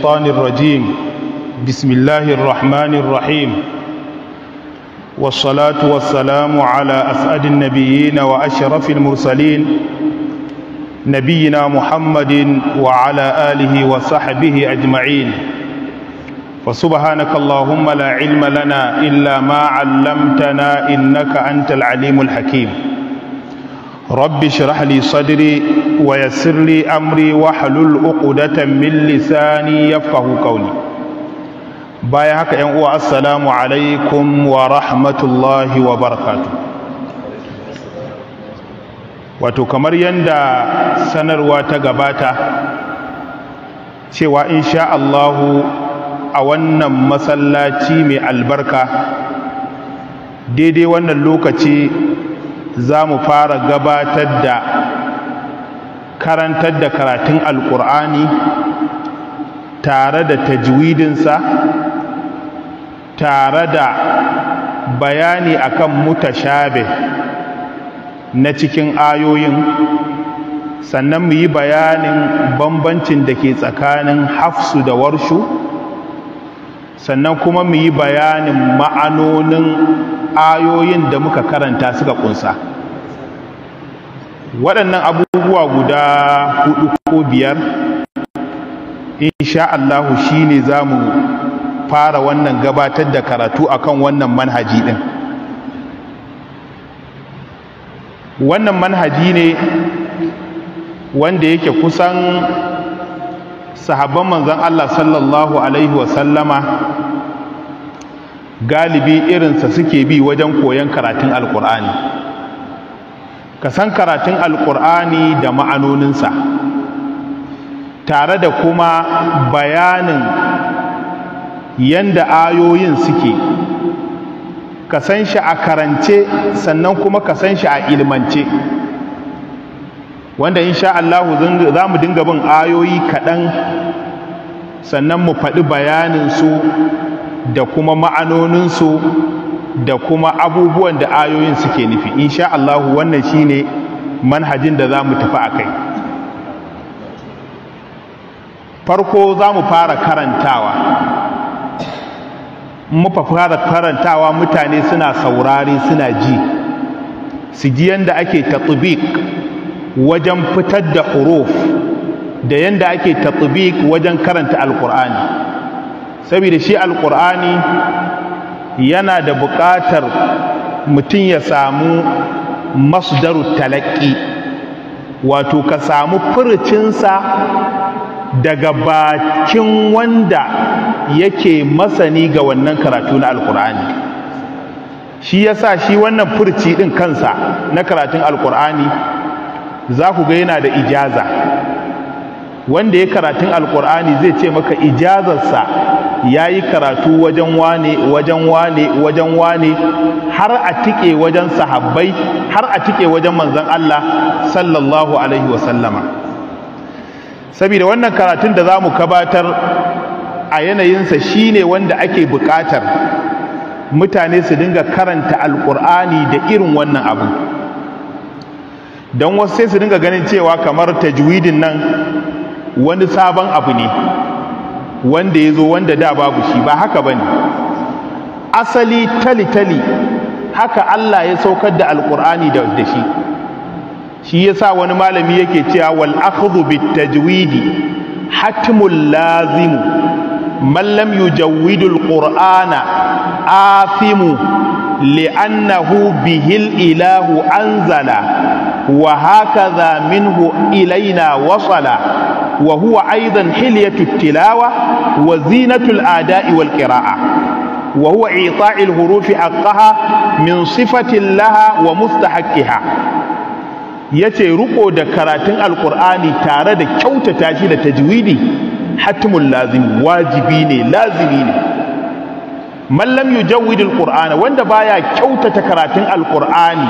الشيطان الرجيم بسم الله الرحمن الرحيم والصلاة والسلام على أسعد النبيين وأشرف المرسلين نبينا محمد وعلى آله وصحبه أجمعين فسبحانك اللهم لا علم لنا إلا ما علمتنا إنك أنت العليم الحكيم رب اشرح لي صدري ويسر لي أمري واحلل ya من لساني Baya قولي باي هكا ينقوى السلام عليكم rahmatullahi الله وبركاته wato kamar yadda sanarwa ta gabata cewa insha Allahu a wannan masallaci mai albarka daidai wannan lokaci za mu fara gabatar da karantar da karatun alkur'ani tare da tajwidinsa tare da bayani akan mutashabe na cikin ayoyin sannan mu yi bayanin bambancin da ke tsakanin hafsu da warshu sannan kuma mu yi bayanin ma'anonin ayoyin da muka karanta suka kunsa waɗannan abubuwa guda hudu ko biyar insha Allahu za mu fara wannan gabatar da karatu akan wannan manhaji din wannan manhaji ne wanda yake kusan sahabban manzon Allah sallallahu alaihi wa galibi irinsa suke bi wajen koyon karatun alkur'ani ka san karatun alkur'ani da ma'anoninsa tare da kuma bayanin yanda ayoyin suke ka san shi a karance sannan kuma ka san shi a ilmance wanda insha Allahu za mu dinga bin ayoyi kaɗan sannan mu faɗi bayanin su da kuma ma'anoninsu da kuma abubuwan da ayoyin suke nufi insha Allah wannan shine manhajin da za mu tafi a kai farko za mu fara karantawa fara karantawa mutane suna saurari suna ji su ji yadda ake tatubik wajen fitar da huruf da yadda ake tatubik wajen karanta alkur'ani saboda shi alkur'ani yana da buƙatar mutum ya samu masdaru talaki wato ka samu furcinsa daga bakin wanda yake masani ga wannan karatu na alkur'ani shi ya sa shi wannan furci ɗin kansa na karatun alkur'ani za ku ga yana da ijaza wanda ya karatun alkur'ani zai ce maka ijazarsa ya yi karatu wajen wane wajen wane wajen wane har a tike wajen sahabbai har a tike wajen manzan Allah sallallahu alaihi wasallama saboda wannan karatun da za mu kabatar a yanayinsa shine wanda ake buƙatar mutane su dinga karanta alkur'ani da irin wannan abu don wasu sai su dinga ganin cewa kamar tajwidin nan wani sabon abu ne wanda ya zo wanda da babu shi ba haka ba ne asali tali-tali haka Allah ya saukar da alkur'ani da shi shi ya sa wani malami yake cewa wal akhdhu bit tajwidi hatmul lazimu man lam yujawwidu alqur'ana athimu li'annahu bihil ilahu anzala wa hakaza minhu ilaina wasala وهو أيضا حلية التلاوة وزينة الآداء والقراءة وهو إعطاء الحروف حقها من صفة لها ومستحقها يتي رقو دكراتن القرآن تارد كوتة تاجيل تجويدي حتم اللازم واجبيني لازميني من لم يجود القرآن وند بايا كوتة تكراتن القرآن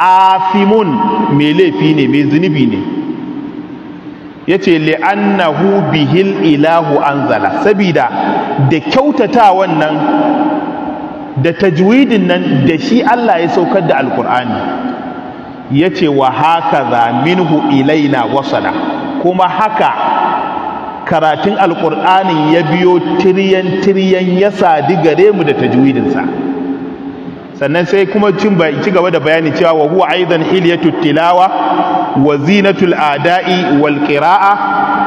آثم ملي فيني مزنبيني yace li'annahu bihil ilahu anzala sabida da kyautata wannan da tajwidin nan da shi Allah ya saukar da alkur'ani yace wa hakaza minhu ilaina wasala kuma haka karatun alkur'anin ya biyo tiriyan tiriyan ya sadi gare mu da tajwidinsa sannan sai kuma cin ci gaba da bayani cewa wa huwa aidan hilyatu tilawa wa zinatul ada'i wal qira'a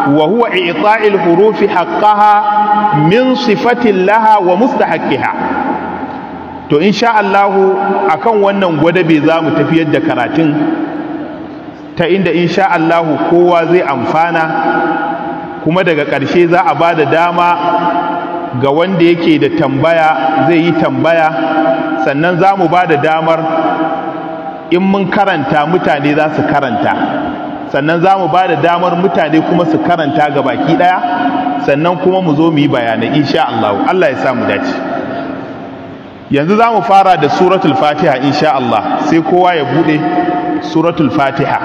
wa huwa i'ta'il hurufi haqqaha min sifatin laha wa mustahaqqiha to insha Allah akan wannan gwadabe za mu tafiyar da karatun ta inda insha Allah kowa zai amfana kuma daga ƙarshe za a ba da dama ga wanda yake da tambaya zai yi tambaya sannan za mu ba da damar in mun karanta mutane za su karanta sannan za mu ba da damar mutane kuma su karanta ga baki ɗaya sannan kuma mu zo mu yi bayanai insha Allah Allah ya sa mu dace yanzu za mu fara da suratul fatiha insha Allah sai kowa ya buɗe suratul fatiha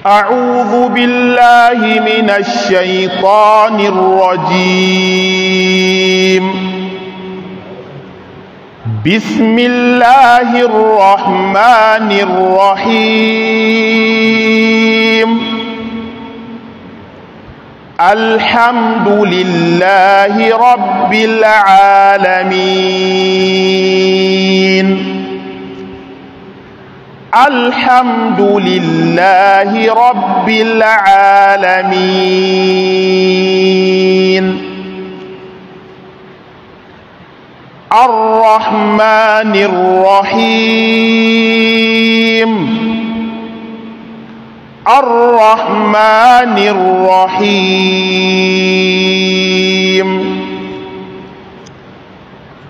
أعوذ بالله من الشيطان الرجيم بسم الله الرحمن الرحيم الحمد لله رب العالمين الحمد لله رب العالمين الرحمن الرحيم الرحمن الرحيم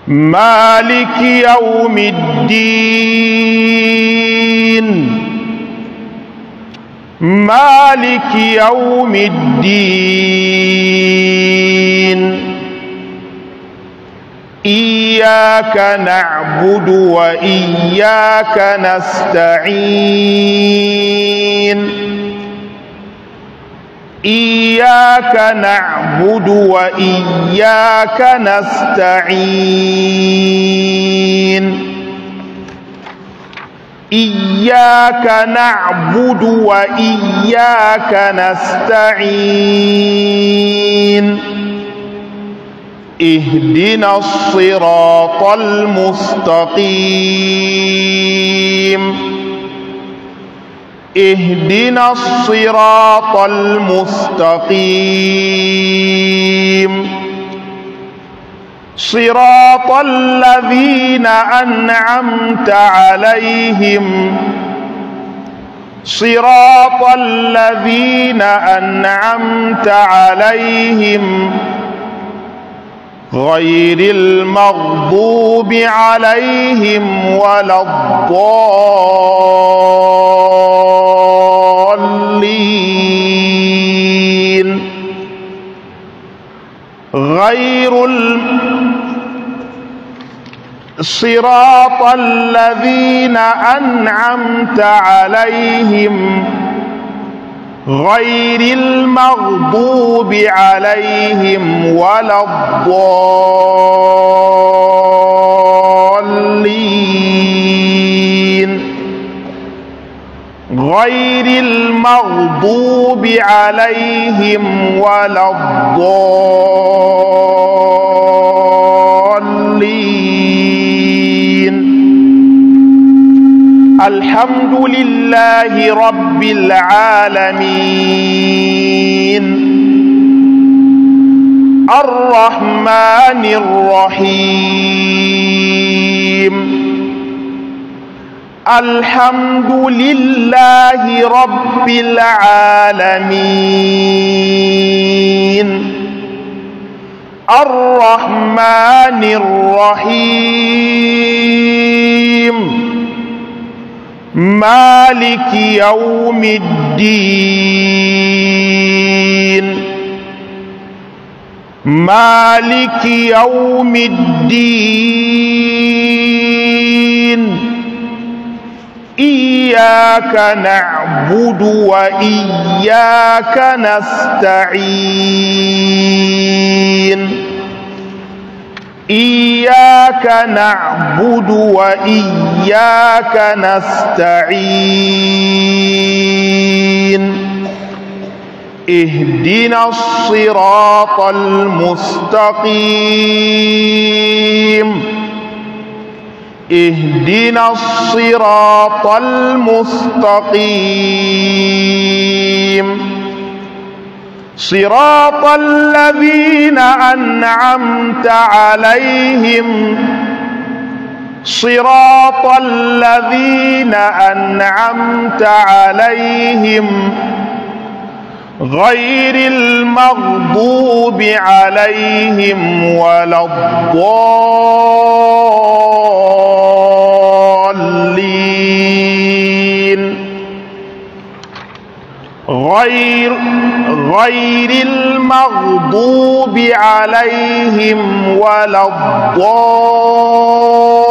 مالك يوم الدين مالك يوم الدين إياك نعبد وإياك نستعين إياك نعبد وإياك نستعين إياك نعبد وإياك نستعين اهدنا الصراط المستقيم اهدنا الصراط المستقيم صراط الذين أنعمت عليهم صراط الذين أنعمت عليهم غير المغضوب عليهم ولا الضالين غير صراط الذين أنعمت عليهم غير المغضوب عليهم ولا الضالين غير المغضوب عليهم ولا الضالين الحمد لله لله رب العالمين الرحمن الرحيم الحمد لله رب العالمين الرحمن الرحيم مالك يوم الدين مالك يوم الدين إياك نعبد وإياك نستعين إياك نعبد وإياك إياك نستعين اهدنا الصراط المستقيم اهدنا الصراط المستقيم صراط الذين أنعمت عليهم صراط الذين أنعمت عليهم غير المغضوب عليهم ولا الضالين غير غير المغضوب عليهم ولا الضالين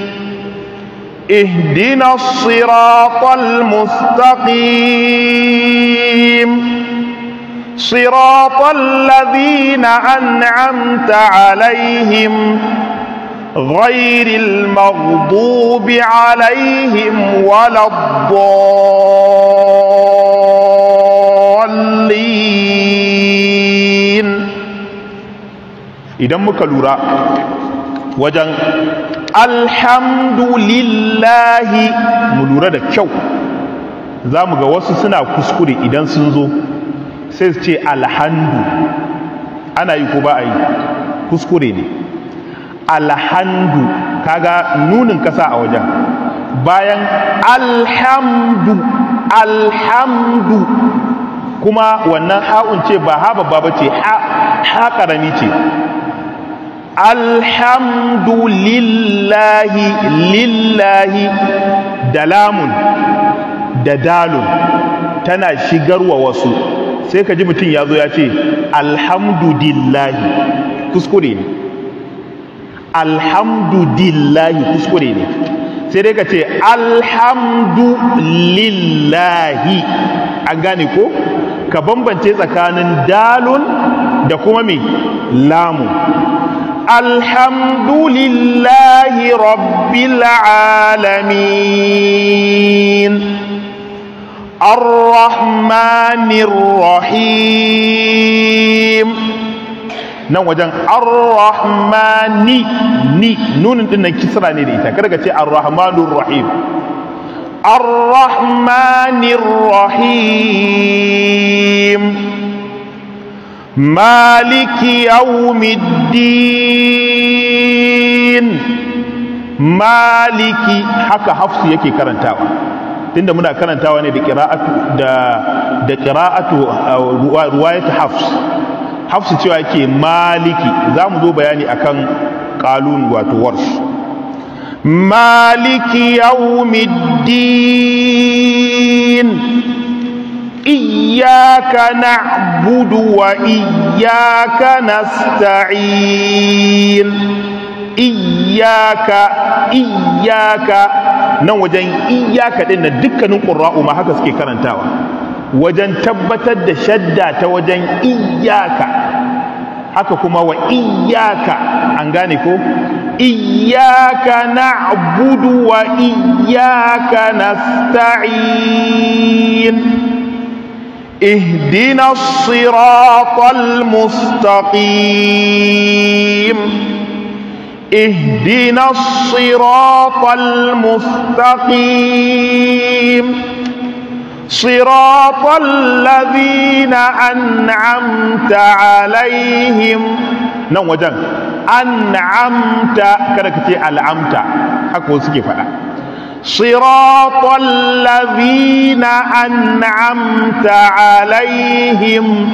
اهدنا الصراط المستقيم صراط الذين أنعمت عليهم غير المغضوب عليهم ولا الضالين إذا muka وجن alhamdulillahi mu lura da kyau za mu ga wasu suna kuskure idan sun zo sai su ce alhandu ana yi ko ba a yi kuskure ne alhandu kaga nunin kasa a wajen bayan alhamdu alhamdu kuma wannan ha'un ce ba ha babba ba ce ha ƙarami ce alhamdulillahi lillahi da lamun da dalun tana shigarwa wasu sai ka ji mutum ya zo ya ce alhamdulillahi kuskure ne alhamdulillahi kuskure ne sai dai ka ce alhamdulillahi an gane ko ka bambance tsakanin dalun da kuma mai lamu الحمد لله رب العالمين الرحمن الرحيم نو وجن الرحمن ني نون انت نكسرا ني الرحمن الرحيم الرحمن الرحيم, الرحمن الرحيم. Maliki يوم الدين maliki haka hafsu yake karantawa tunda muna karantawa ne da qira'atu da da qira'atu uh, ruwayatu hafs cewa yake maliki za mu zo bayani akan qalun wato warsh maliki yawmiddin iyya نعبد وإياك نستعين iyaka iyaka nan wajen iyaka din na dukkanin qurra'u ma haka suke karantawa wajen tabbatar da shadda ta wajen iyaka haka kuma wa iyaka an gane ko iyaka na'budu wa iyaka nasta'in اهدنا الصراط المستقيم اهدنا الصراط المستقيم صراط الذين أنعمت عليهم نوجا نعم أنعمت كذا كتير أنعمت أكو سكي فلا صراط الذين أنعمت عليهم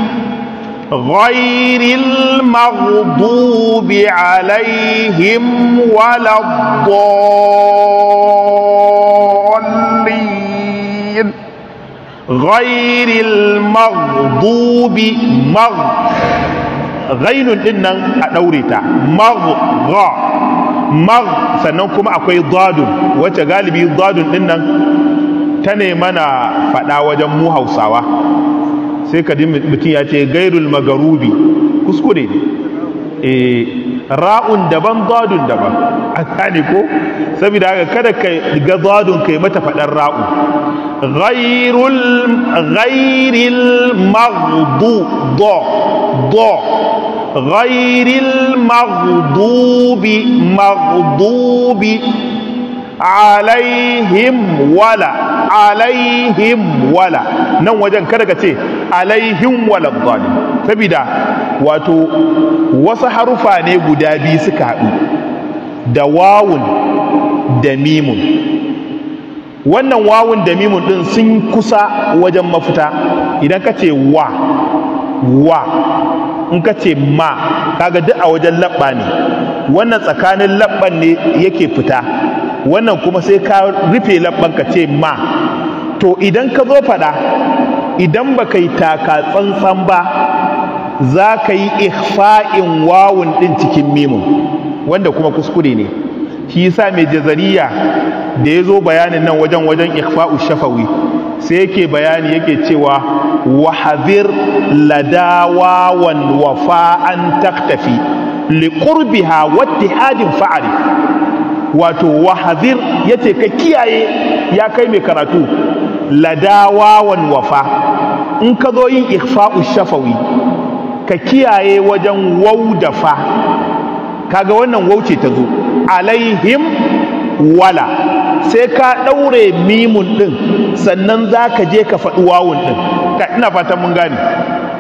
غير المغضوب عليهم ولا الضالين غير المغضوب مغ غين إنن أدوريتا مغ غ mar sannan kuma akwai dadun wacce galibi dadun din nan ta ne mana faɗa wajen mu hausawa sai ka mutum ya ce gairul magarubi kuskure ne eh, ra'un daban dadun daban a tsani ko saboda haka kada ka ga dadun kai mata faɗar ra'u ghairul ghairil magdu do do غير المغضوب مغضوب alaihim wala wala nan wajen kada ka ce alaihin wala zalim wato wasu haruffa ne guda biyu suka haɗu da wawun da mimun wannan wawun da mimun ɗin sun kusa wajen mafita idan ka ce wa wa in ka ce ma kaga duk a wajen labba ne wannan tsakanin labban ne yake fita wannan kuma sai ka rufe labban ka ce ma to idan ka zo faɗa idan ba ka yi taka tsantsan ba za ka yi ihfa'in wawun ɗin cikin mimun wanda kuma kuskure ne shi yasa mai jazariya da ya zo bayanin nan wajen wajen ikhfa'u shafawi sai yake bayani yake cewa wahazir ladawawan wafa'an taktafi liqurbiha wattihadin fa'ari wato wahazir yace ka kiyaye ya kai mai karatu ladawawan wafa in ka zo yin ikhfa'u shafawi ka kiyaye wajen waudafa kaga wannan wauce ta zo alaihim wala sai ka ɗaure mimun ɗin sannan za ka je ka faɗi wawun ɗin ina fatan mun gane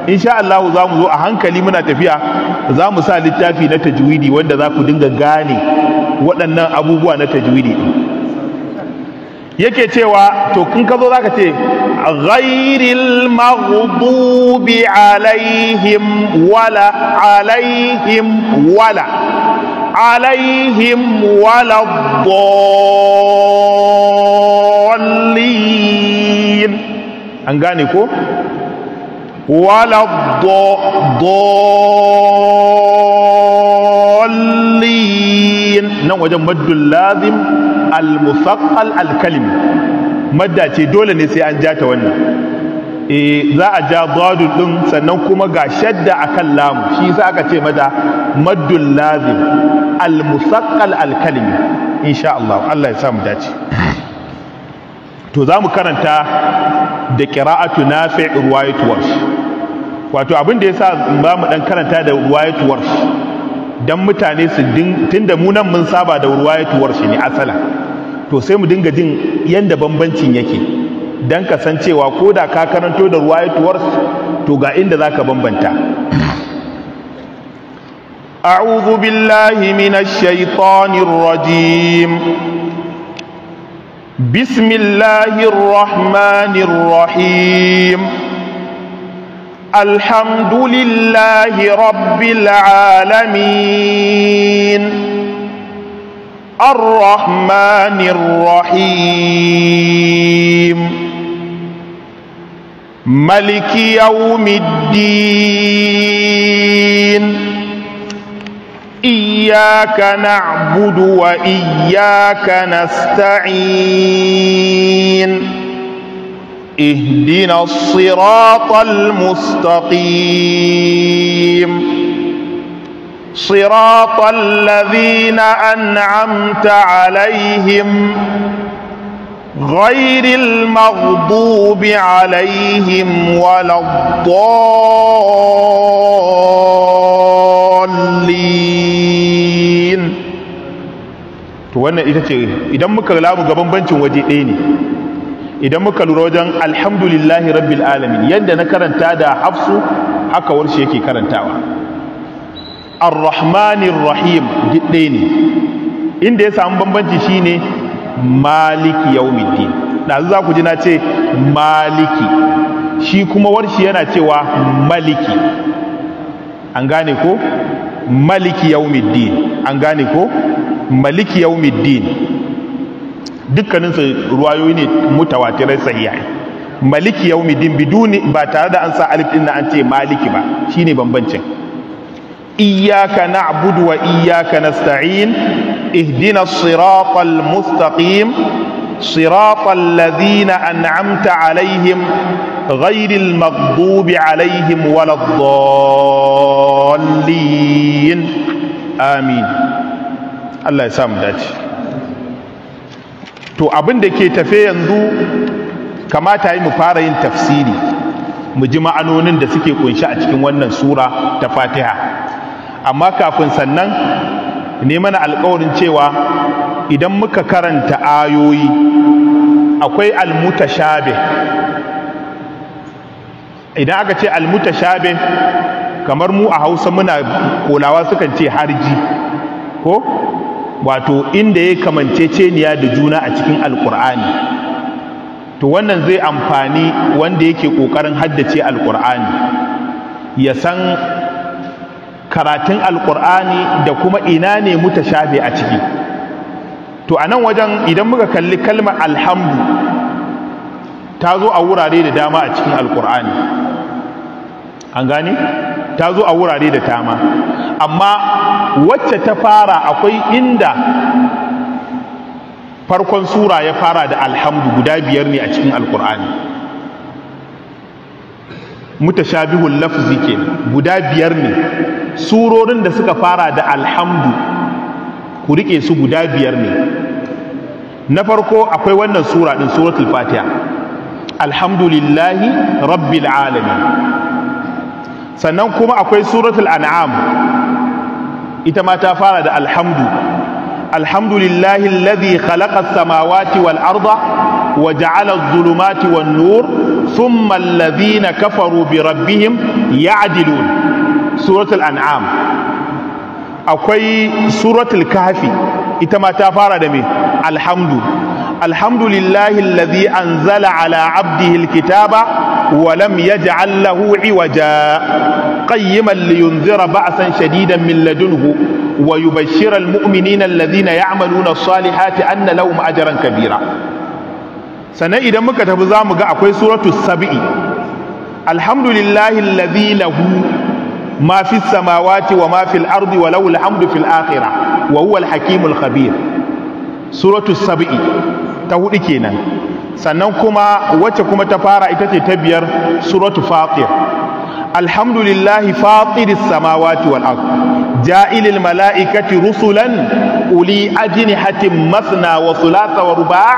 insha Allah za mu zo a hankali muna tafiya za mu sa littafi na tajwidi wanda za ku dinga gane waɗannan abubuwa na tajwidi yake cewa to kun ka zo zaka ce ghairil maghdubi alaihim wala alaihim wala alaihim wala dallin an gane ko ولا الضالين nan wajen مد اللازم المثقل الكلمي madda ce dole ne sai an ja ta wannan e za a ja dadun ɗin sannan kuma ga shadda a kan lamu shi za aka ce mada maddun lazim al musaƙal al kalimi insha Allah Allah ya sa mu dace to za mu karanta da qira'atu nafi' riwayat tuwarsu. wato abin da ya sa ba mu ɗan karanta da ruwayatuwar don mutane su tun da nan mun saba da ruwayatuwar shi ne asala to sai mu dinga jin yadda bambancin yake dan ka san cewa ko da ka karanto da ruwayatuwar to ga inda za ka bambanta a'udhu billahi minash shaitanir rajim bismillahir rahmanir rahim الحمد لله رب العالمين الرحمن الرحيم ملك يوم الدين إياك نعبد وإياك نستعين اهدنا الصراط المستقيم صراط الذين أنعمت عليهم غير المغضوب عليهم ولا الضالين تونا اذا ita اذا idan muka lamu ga idan muka lura wajen alhamdulillahi rabbil alamin yadda na karanta da hafsu haka warshe yake karantawa arrahmanir rahim didde ne inda ya samu bambanci shine maliki yawmiddin dazu za ku ji na ce maliki shi kuma warshi yana cewa maliki an gane ko maliki yawmiddin an gane ko maliki yawmiddin dukkaninsu ruwayoyi ne mutawatirai sahihai maliki yawmiddin biduni ba tare da an sa alif din an ce maliki ba shine bambancin iyyaka na'budu wa iyyaka nasta'in ihdina as-siratal mustaqim siratal ladzina an'amta alaihim ghayril maghdubi alaihim waladdallin amin Allah ya samu dace to abin da ke tafe yanzu kamata yi mu fara yin tafsiri mu ji ma'anonin da suke kunshi a cikin wannan sura ta fatiha amma kafin sannan ne mana alkawarin cewa idan muka karanta ayoyi akwai almutashabe idan aka ce almutashabe kamar mu a hausa muna kolawa sukan ce harji ko wato inda ya kamance ceniya da juna a cikin alkur'ani to wannan zai amfani wanda yake ƙoƙarin haddace alkur'ani ya san karatun alkur'ani da kuma ina ne shafe a ciki to a nan wajen idan muka kalli kalmar alhamdu ta zo a wurare da dama a cikin alkur'ani an gane? ta zo a wurare da tama amma wacce ta fara akwai inda farkon sura ya fara da alhamdu guda biyar ne a cikin alkur'ani mutashabihul lafzi ke guda biyar ne surorin da suka fara da alhamdu ku rike su guda biyar ne na farko akwai wannan sura din suratul fatiha alhamdulillahi rabbil alamin sannan kuma akwai suratul an'am ita ma ta fara da alhamdu alhamdulillahi alladhi khalaqa as-samawati wal arda wa ja'ala adh-dhulumati wan nur thumma alladhina kafaru bi rabbihim ya'dilun suratul an'am akwai suratul kahfi ita ma ta fara da me alhamdu alhamdulillahi alladhi anzala ala abdihi alkitaba ولم يجعل له عوجا قيما لينذر بعثا شديدا من لدنه ويبشر المؤمنين الذين يعملون الصالحات أن لهم أجرا كبيرا sannan idan muka tafi za mu ga akwai suratu sabi'i alhamdulillahi alladhi lahu ma fi samawati wa ma fil ardi wa lahu alhamdu fil akhirah wa huwa alhakimul khabir suratu sabi'i ta hudu kenan sannan kuma wacce kuma ta fara ita ce ta biyar suratu fatir alhamdulillahi fatiris samawati wal ard ja'ilil mala'ikati rusulan uli ajnihatin masna wa thulatha wa ruba'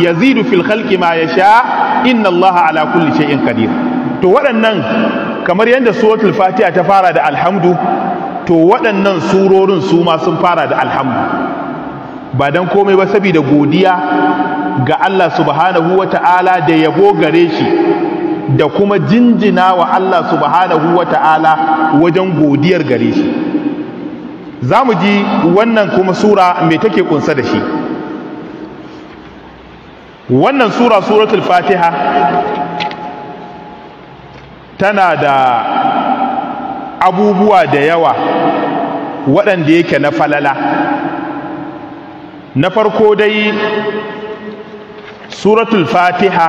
yazidu fil khalqi ma yasha inna allaha ala kulli shay'in qadir to waɗannan kamar yadda suratul fatiha ta fara da alhamdu to waɗannan surorin su ma sun fara da alhamdu ba dan komai ba saboda godiya ga Allah subhanahu wa ta'ala da yabo gare shi da kuma jinjina wa Allah subhanahu wa ta'ala wajen godiyar gare shi za mu ji wannan kuma sura mai take kunsa da shi wannan sura suratul fatiha tana da abubuwa da yawa waɗanda yake na falala na farko dai suratul fatiha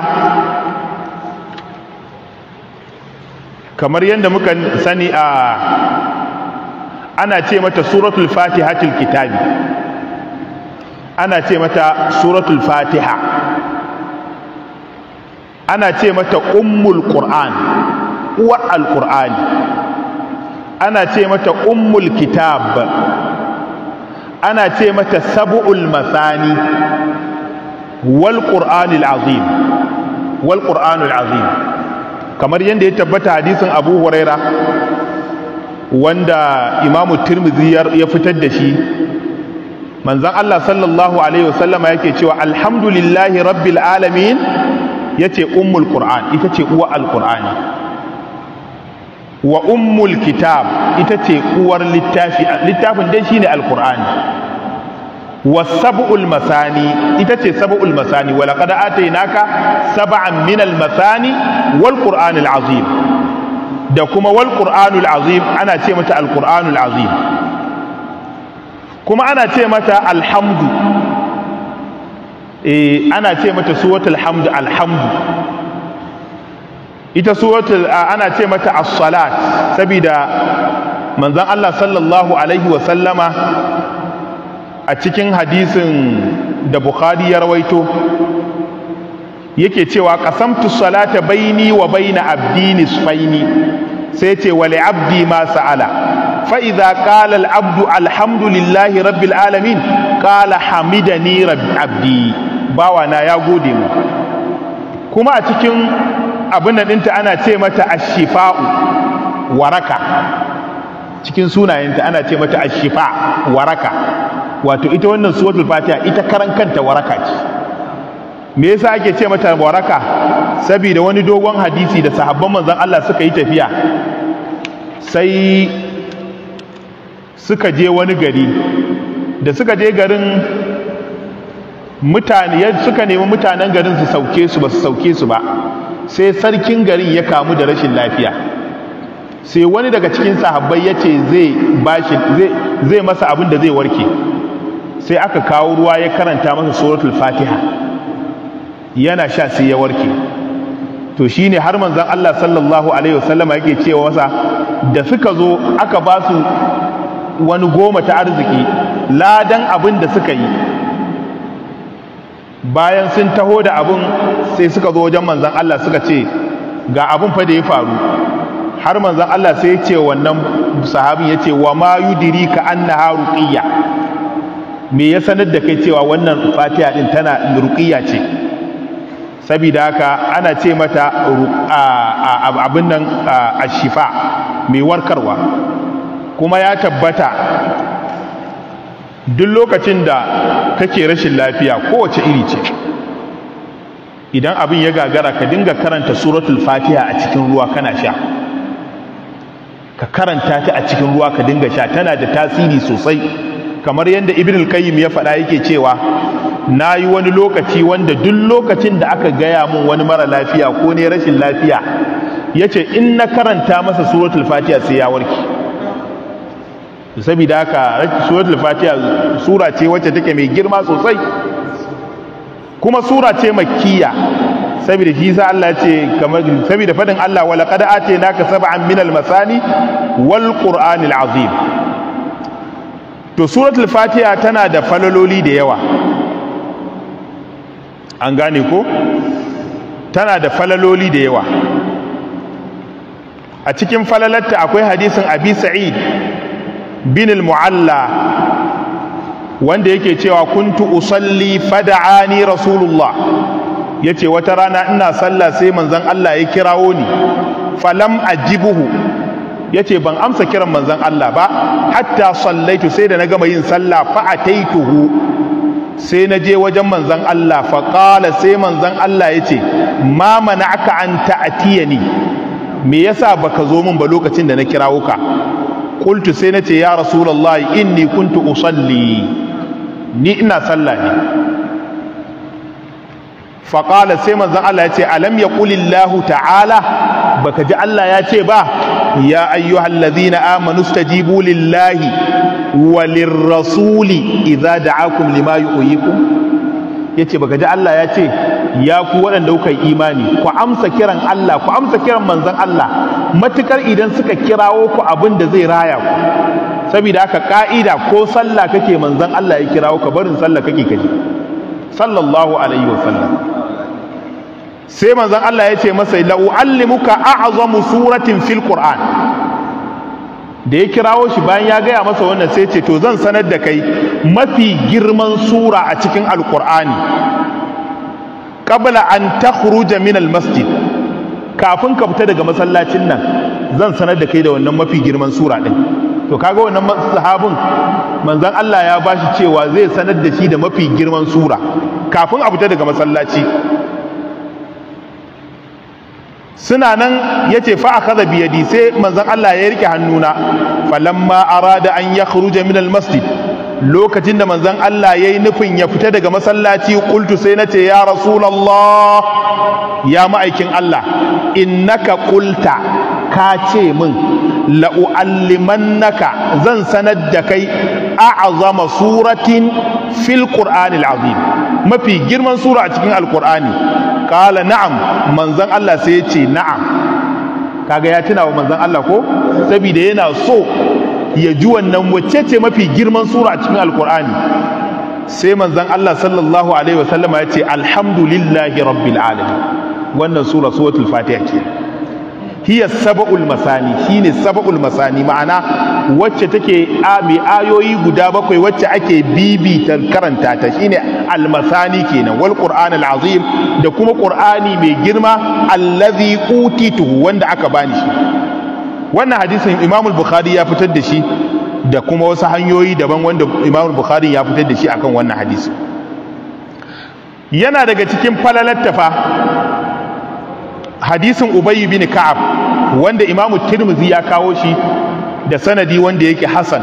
kamar yadda muka sani a ana ce mata suratul fatiha kitabi ana ce mata suratul fatiha ana ce mata ummul qur'an uwar ana ce mata ummul kitab ana ce mata sabu'ul masani wal qur'anil azim azim kamar yadda ya tabbata hadisin abu huraira wanda imamu tirmidhi ya fitar da shi manzan allah sallallahu alaihi wasallama yake cewa alhamdulillahi rabbil alamin ya ce ummul qur'an ita ce uwa alqur'ani wa ummul kitab ita ce uwar littafi littafin dai shine alqur'ani والسبع المثاني إذا سبع المثاني ولقد آتيناك سبعا من المثاني والقرآن العظيم دكما والقرآن العظيم أنا تيمة القرآن العظيم كما أنا تيمة الحمد إيه أنا تيمة سورة الحمد الحمد إذا سورة آه، أنا تيمة الصلاة سبيدا من ذا الله صلى الله عليه وسلم a cikin hadisin da bukhari ya rawaito yake cewa qasamtu salata baini wa baina abdi nisfaini sai ce wa li abdi ma sa'ala fa idza qala al abdu alhamdulillahi rabbil alamin qala hamidani rabbi abdi bawa na ya gode mu kuma a cikin abin da dinta ana ce mata ashifa'u waraka cikin sunayenta ana ce mata ashifa waraka wato ita wannan suratul fatiha ita karan kanta waraka ce me yasa ake ce mata waraka saboda wani dogon hadisi da sahabban manzon Allah suka yi tafiya sai suka je wani gari da suka je garin mutane suka nemi mutanen garin su sauke su ba su sauke su ba sai sarkin garin ya kamu da rashin lafiya sai wani daga cikin sahabbai ya ce zai bashi zai masa abin da zai warke sai aka kawo ruwa ya karanta masa suratul fatiha yana sha sai ya warke to shine har manzon Allah sallallahu alaihi wasallama yake cewa masa da suka zo aka ba su wani goma ta arziki ladan abin da suka yi bayan sun taho da abin sai suka zo wajen manzon Allah suka ce ga abin fa da ya faru har manzon Allah sai ya ce wannan sahabin ya ce wa ma yudrika ka annaha ruqiyya me ya sanar da kai cewa wannan fatiha din tana ruqiyya ce saboda haka ana ce mata abin nan ashifa mai warkarwa kuma ya tabbata duk lokacin da kake rashin lafiya kowace iri ce idan abin ya gagara ka dinga karanta suratul fatiha a cikin ruwa kana sha ka karanta ta a cikin ruwa ka dinga sha tana da tasiri sosai kamar yadda ibn Kayyim ya faɗa yake cewa na yi wani lokaci wanda duk lokacin da aka gaya mun wani mara lafiya ko ne rashin lafiya ya ce in na karanta masa suratul fatiha sai ya warke saboda haka suratul fatiha sura ce wacce take mai girma sosai kuma sura ce makkiya saboda shi sa Allah ce kamar saboda fadin Allah wa laqad atainaka sab'an minal masani wal qur'anil azim to suratul fatiha tana da falaloli da yawa an gane ko tana da falaloli da yawa a cikin falalarta akwai hadisin abi sa'id bin al-mu'alla wanda yake cewa kuntu usalli fada'ani rasulullah yace wata rana ina sallah sai manzon Allah ya kirawo ni falam ajibuhu ya ce ban amsa kiran manzan Allah ba hatta sallaitu sai da na gama yin sallah fa'ataituhu sai na je wajen manzan Allah faƙala sai manzan Allah ya ce ma mana aka an ta'atiyani me yasa baka zo min ba lokacin da na kirawo ka kultu sai na ce ya rasulallah inni kuntu usalli ni ina sallah ne faƙala sai manzan Allah ya ce alam ya ƙulillahu ta'ala baka ji Allah ya ce ba ya ayyuhallazi na amanu stajibu lillahi walin rasuli idza da'akum lima yu'yikum yace baka ji Allah ya ce ya ku waɗanda kuka yi imani ku amsa kiran Allah ku amsa kiran manzan Allah matukar idan suka kirawo ku abin da zai raya ku saboda haka ka'ida ko sallah kake manzan Allah ya kirawo ka barin sallah kake kaji sallallahu alaihi sallam. sai manzon Allah ya ce masa la'uallimuka a'zamu suratin fil qur'an da ya kirawo shi bayan ya gaya masa wannan sai ce to zan sanar da kai mafi girman sura a cikin alqur'ani qabla an takhruja min almasjid kafin ka fita daga masallacin nan zan sanar da kai da wannan mafi girman sura din to kaga wannan sahabin manzon Allah ya bashi cewa zai sanar da shi da mafi girman sura kafin a fita daga masallaci suna nan ya ce fa akaza biyadi sai manzon Allah ya rike hannuna falamma arada an yakhruja min Masjid? lokacin da manzon Allah yayi nufin ya fita daga masallaci kultu sai nace ya rasulallah ya ma'aikin Allah innaka kulta ka ce min la'u'alliman naka zan sanar da kai a'zama suratin fil qur'anil azim mafi girman sura a cikin alkur'ani kala na'am manzan Allah sai ya ce na'am kaga ya tuna wa manzan Allah ko saboda yana so ya ji wannan wacce ce mafi girman sura a cikin alkur'ani sai manzan Allah sallallahu alaihi wasallama ya ce alhamdulillahi rabbil alamin wannan sura suratul fatiha ce hiya saba'ul masani shine saba'ul masani ma'ana wacce take a mai ayoyi guda bakwai wacce ake bibi ta karanta ta shine almasani kenan wal qur'an azim da kuma qur'ani mai girma allazi utitu wanda aka bani shi wannan hadisin imam al bukhari ya fitar da shi da kuma wasu hanyoyi daban wanda imam al bukhari ya fitar da shi akan wannan hadisi yana daga cikin falalattafa hadisin ubayy bin ka'ab wanda imamu tirmizi ya kawo shi da sanadi wanda yake hasan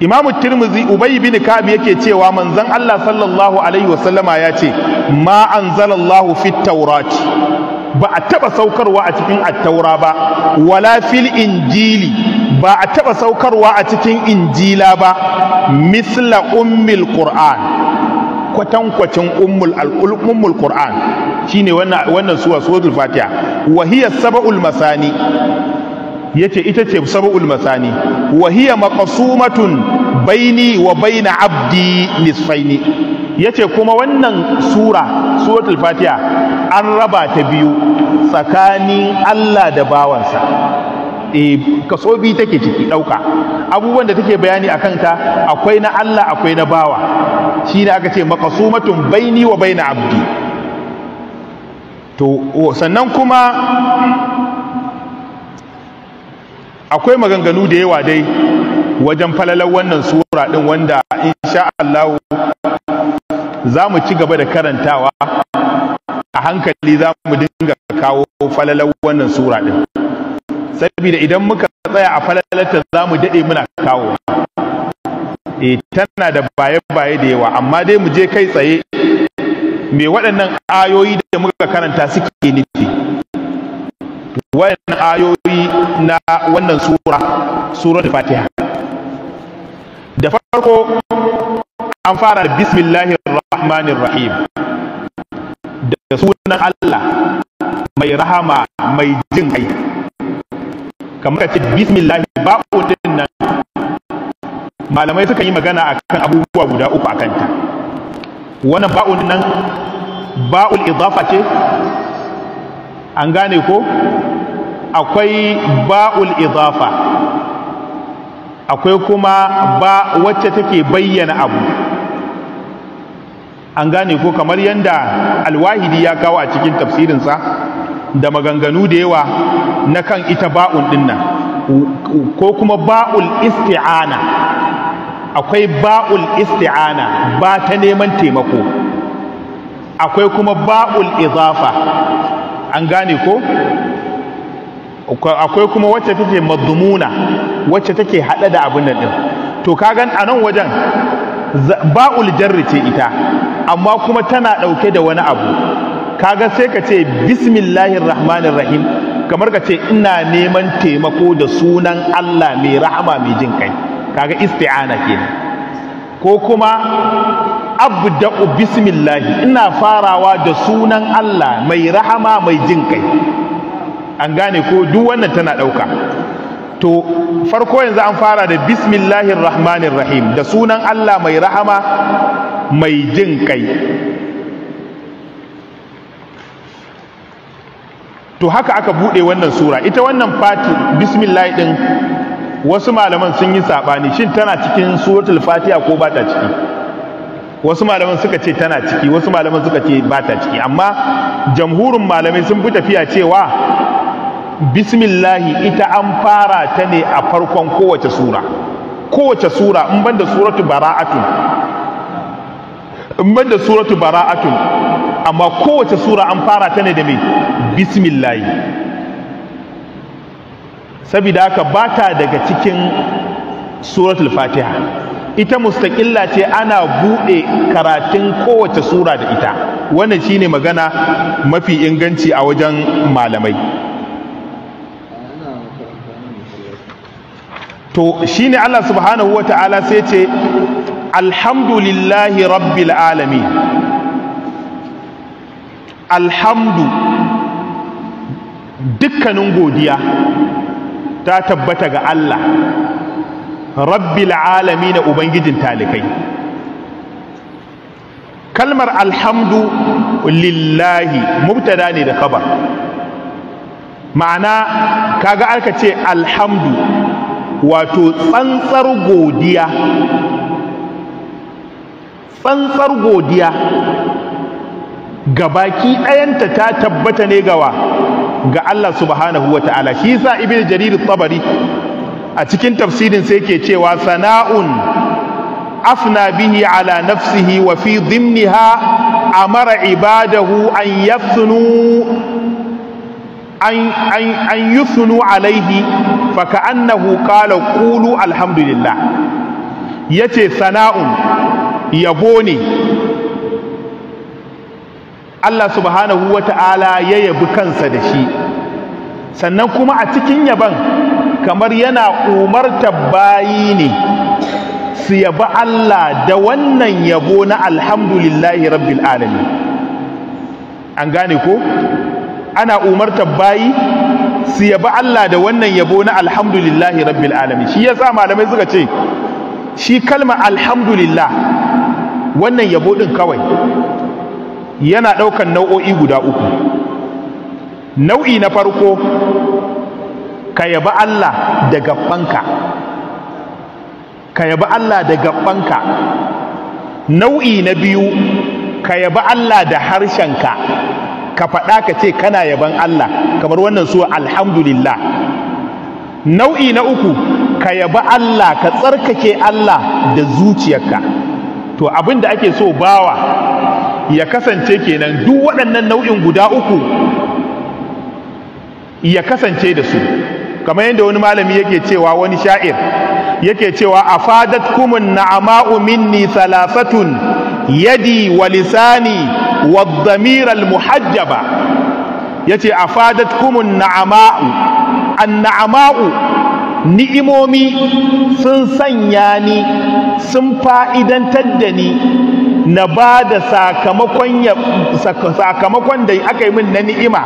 imamu tirmizi ubayy bin ka'ab yake cewa manzon Allah sallallahu alaihi wasallama ya ce ma anzalallahu fit tawrati ba a taɓa saukarwa a cikin attaura ba wala fil injili ba a taɓa saukarwa a cikin injila ba misla ummil qur'an kwatankwacin ummul qur'an shine wannan wannan suwa suratul fatiha wa hiya sab'ul masani yace ita ce sab'ul masani wa hiya maqsumatun baini wa baina abdi nisfaini yace kuma wannan sura suratul fatiha an raba ta biyu tsakanin Allah da bawansa Eh, kaso kasobi take ciki ɗauka abubuwan da take bayani a kanta akwai na Allah akwai na bawa shi ne aka ce makasumatun baini wa baina abdi to sannan kuma akwai maganganu da yawa dai wajen falalar wannan sura din wanda insha Allah za mu ci gaba da karantawa a hankali za mu dinga kawo falalar wannan sura din. saboda idan muka tsaya a falalata za mu daɗe muna kawo e tana da baye-baye da yawa amma dai mu je kai tsaye me waɗannan ayoyi da muka karanta suke nufi waɗannan ayoyi na wannan sura surar fatiha da farko an fara da bismillahir rahmanir rahim da sunan Allah mai rahama mai jin kai kamar ka ce bismillah ba din nan malamai suka yi magana akan abubuwa guda uku akan ta wannan ba'u nan ba'ul idafa ce an gane ko akwai ba'ul idafa akwai kuma ba wacce take bayyana abu an gane ko kamar yanda alwahidi ya kawo a cikin tafsirinsa da maganganu da yawa na kan ita ba'un dinnan ko kuma ba'ul isti'ana akwai ba'ul isti'ana ba ta neman taimako akwai kuma ba'ul izafa an gane ko akwai kuma wacce take madhumuna wacce take hada da abin nan din to kagan a nan wajen ba'ul jarri ce ita amma kuma tana ɗauke da wani abu kaga sai ka ce bismillahir rahmanir kamar ka ce ina neman taimako da sunan Allah mai rahama mai jin kai kaga isti'ana kenan ko kuma abda'u bismillah ina farawa da sunan Allah mai rahama mai jin kai an gane ko duk wannan tana ɗauka to farko yanzu an fara da bismillahir rahmanir rahim da sunan Allah mai rahama mai jin kai to haka aka bude wannan sura ita wannan fati bismillah din wasu malaman sun yi sabani shin tana cikin suratul fatiha ko ba ta ciki wasu malaman suka ce tana ciki wasu malaman suka ce ba ciki amma jamhurin malamai sun fi tafiya cewa bismillahi ita an fara ta ne a farkon kowace sura kowace sura in ban da suratu bara'atun in ban da suratu bara'atun amma kowace sura an fara ta ne da mai bismillahi saboda haka ba ta daga cikin suratul fatiha ita mustaƙilla ce ana buɗe karatun kowace sura da ita wannan shine magana mafi inganci a wajen malamai to shi ne Allah subhanahu ta'ala sai ce alhamdulillahi rabbil alami alhamdu dukkanin godiya ta tabbata ga Allah rabbil na ubangijin talikai kalmar alhamdu lillahi mubtada ne da khabar ma'ana kaga aka ce alhamdu wato tsantsar godiya tsantsar godiya gabaki ɗayanta ta tabbata ne gawa ga Allah subhanahu wa ta'ala shi ibi ibn jarir tabari a cikin tafsirin sai ke cewa sana'un afna bihi ala nafsihi wa fi dhimniha amara ibadahu an yafsunu an an an alaihi faka annahu qala qulu alhamdulillah yace sana'un yabo ne Allah subhanahu wata'ala ya yabi kansa da shi sannan kuma a cikin yaban kamar yana umartar bayi ne su yabi Allah da wannan yabo na alhamdulillahi rabbil alamin an gane ko ana umartar bayi su yaba Allah da wannan yabo na alhamdulillahi rabbil alamin shi yasa malamai suka ce shi kalma alhamdulillah wannan yabo din kawai yana daukan nau'o'i guda uku nau'i na farko ka yaba Allah da gabbanka ka yaba Allah da gabbanka nau'i na biyu ka yaba Allah da harshenka ka faɗa ka ce kana yaban Allah kamar wannan suwa alhamdulillah nau'i na uku ka yaba Allah ka tsarkake Allah da zuciyarka to abin da ake so bawa ya kasance kenan duk waɗannan nau'in guda uku ya kasance da su kamar yadda wani malami yake cewa wani sha'ir yake cewa a kumun na'ama'u minni salasatun yadi wa lisani wa dhamir al muhajjaba yace afadatkum an na'ama'u an na'ama'u ni'imomi sun sanya ni sun fa'idantar da ni na ba da sakamakon da aka yi min na ni'ima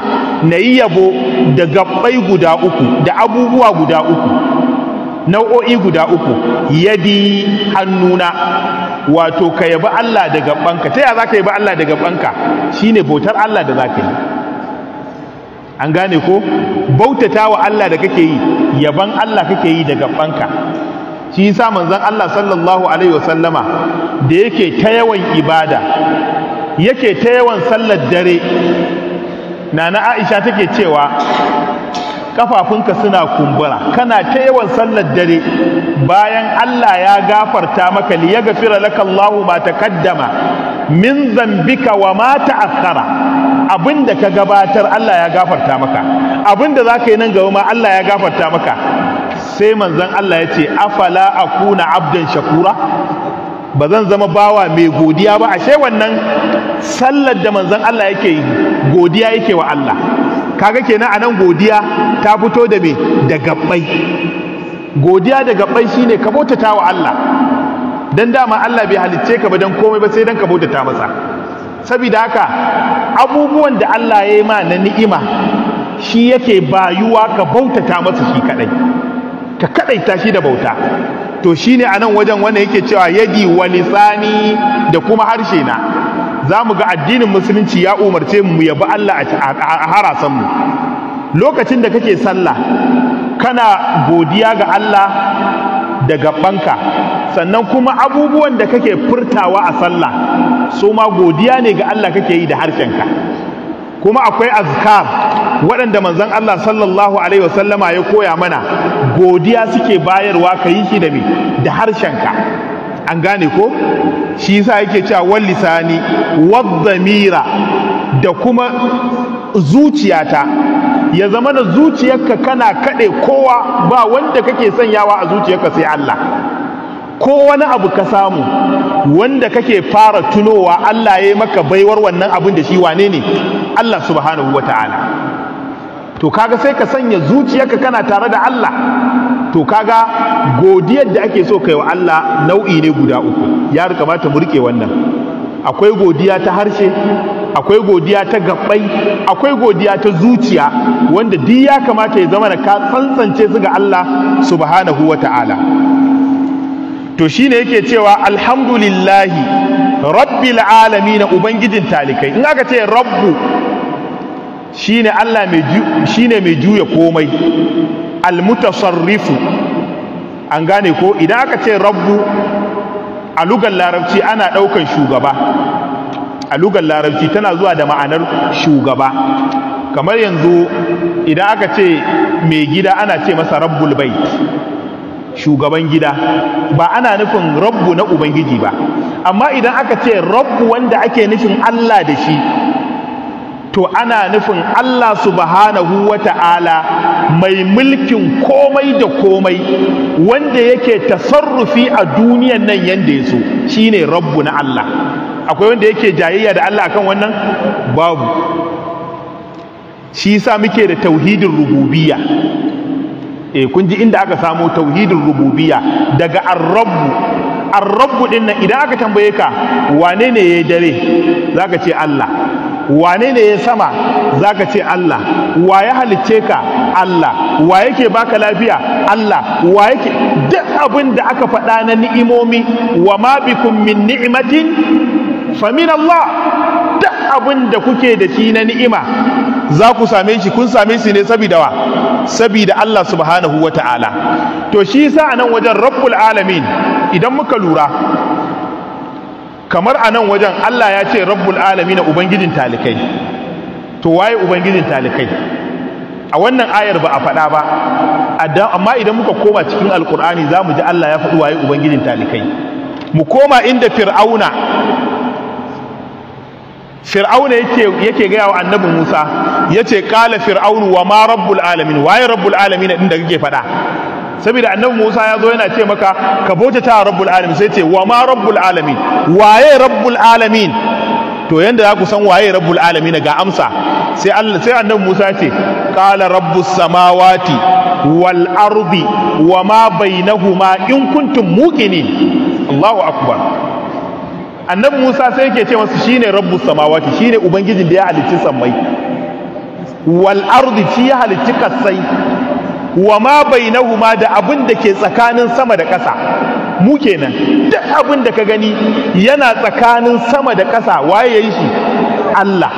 na yi yabo da gabbai guda uku da abubuwa guda uku nau'o'i guda uku yadi hannuna wato ka yabi Allah da gabanka ta ya za ka yabi Allah da gabanka shine bautar Allah da za ka yi an gane ko bautata wa Allah da kake yi yaban Allah kake yi da gabanka shi yasa manzon Allah sallallahu alaihi wasallama da yake ta yawan ibada yake ta yawan sallar dare nana Aisha take cewa kafafunka suna kumbura kana ta yawan sallar dare bayan Allah ya gafarta maka li ya gafira laka Allah ma taqaddama min zambika wa ma ta'akhara abinda ka gabatar Allah ya gafarta maka abinda zaka yi nan gaba ma Allah ya gafarta maka sai manzon Allah ya ce afala akuna abdan shakura ba zan zama bawa mai godiya ba ashe wannan sallar da manzon Allah yake yi godiya yake wa Allah kaga kenan anan godiya ta fito da me da gabbai godiya da gabbai shine ka bautata wa Allah dan dama Allah bai halicce ka ba dan komai ba sai dan ka bautata masa saboda haka abubuwan da Allah ya yi ma na ni'ima shi yake bayuwa ka bautata masa shi kadai ka ta shi da bauta to shine anan wajen wanda yake cewa yadi wa da kuma harshe na za mu ga addinin musulunci ya umarce mu yabi Allah a harasan mu lokacin da kake sallah kana godiya ga Allah da gabanka sannan kuma abubuwan da kake furtawa a sallah su ma godiya ne ga Allah kake yi da harshenka kuma akwai azkar waɗanda manzon Allah sallallahu alaihi wasallama ya koya mana godiya suke bayarwa ka shi da me da harshenka an gane ko shi yasa yake cewa wal lisani damira da kuma zuciyata ya zama na zuciyarka kana kade kowa ba wanda kake sanyawa a zuciyarka sai Allah ko wani abu ka samu wanda kake fara tunowa Allah yayi maka baiwar wannan abin da shi wane ne Allah subhanahu wataala to kaga sai ka sanya zuciyarka kana tare da Allah to kaga godiyar da ake so kai wa Allah nau'i ne guda uku ya kamata mu rike wannan akwai godiya ta harshe akwai godiya ta gabbai akwai godiya ta zuciya wanda duk ya kamata ya zama da ka tsantsance su ga Allah subhanahu wata'ala to shine yake cewa alhamdulillahi rabbil alamin ubangijin talikai in aka ce rabbu shine Allah mai shine mai juya komai almutasarrifu an gane ko idan aka ce rabbu a lugar larabci ana ɗaukan shugaba a lugar larabci tana zuwa da ma'anar shugaba kamar yanzu idan aka ce mai gida ana ce masa rabbul bait shugaban gida ba ana nufin rabbu na ubangiji ba amma idan aka ce rabbu wanda ake nufin Allah da shi to ana nufin Allah subhanahu wa ta'ala mai mulkin komai da komai wanda yake tasarrufi a duniyan nan yanda ya so shine rabbu na Allah akwai wanda yake jayayya da Allah akan wannan babu shi yasa muke da tauhidin rububiyya e kun ji inda aka samo tauhidin rububiyya daga ar-rabbu ar-rabbu din nan idan aka tambaye ka wane ne ya dare zaka ce Allah wane ne ya sama zaka ce Allah wa ya halicce ka Allah wa yake baka lafiya Allah wa yake duk abin da aka faɗa na ni'imomi wa ma bikum min ni'matin fa min Allah duk abin da kuke da shi na ni'ima za ku same shi kun same shi ne saboda wa saboda Allah subhanahu wata'ala to shi yasa nan wajen rabbul alamin idan muka lura kamar a nan wajen Allah ya ce rabbul alami na ubangijin talikai to waye ubangijin talikai a wannan ayar ba a faɗa ba amma idan muka koma cikin alkur'ani za mu ji Allah ya faɗi waye ubangijin talikai mu koma inda fir'auna fir'auna yake yake gaya wa annabi Musa yace qala fir'aunu wa ma rabbul alamin waye rabbul alamin din da kake faɗa saboda annabi Musa ya zo yana ce maka ka bauta ta rabbul alamin sai ce wa ma rabbul alamin waye rabbul alamin to yanda za ku san waye rabbul alamin ga amsa sai Allah sai annabi Musa ce qala rabbus samawati wal ardi wa ma bainahuma in kuntum muqinin Allahu akbar annabi Musa sai yake ce masa shine rabbus samawati shine ubangijin da ya halicci sammai wal ardi shi ya halicci kasai wa ma bainahuma da abin da ke tsakanin sama da ƙasa mu kenan duk abin da ka gani yana tsakanin sama da ƙasa waye yayi shi Allah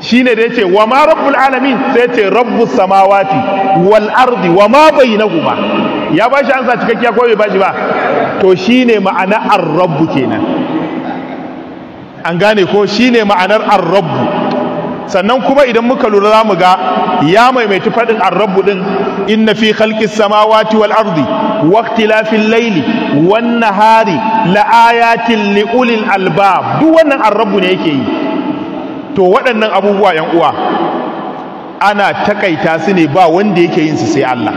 shine da yace wa ma rabbul alamin sai yace rabbus samawati wal ardi wa ma bainahuma ya bashi ansa cikakkiya ko bai bashi ba to shine ma'ana ar ke kenan an gane ko shine ma'anar ar rabbu? sannan kuma idan muka lura za mu ga ya maimaiti faɗin arrabu ɗin inna fi khalqis samawati wal ardi wa ikhtilafil layli wan nahari la ayatin li ulil albab duk wannan arrabu ne yake yi to waɗannan abubuwa yan uwa ana takaita su ne ba wanda yake yin su sai Allah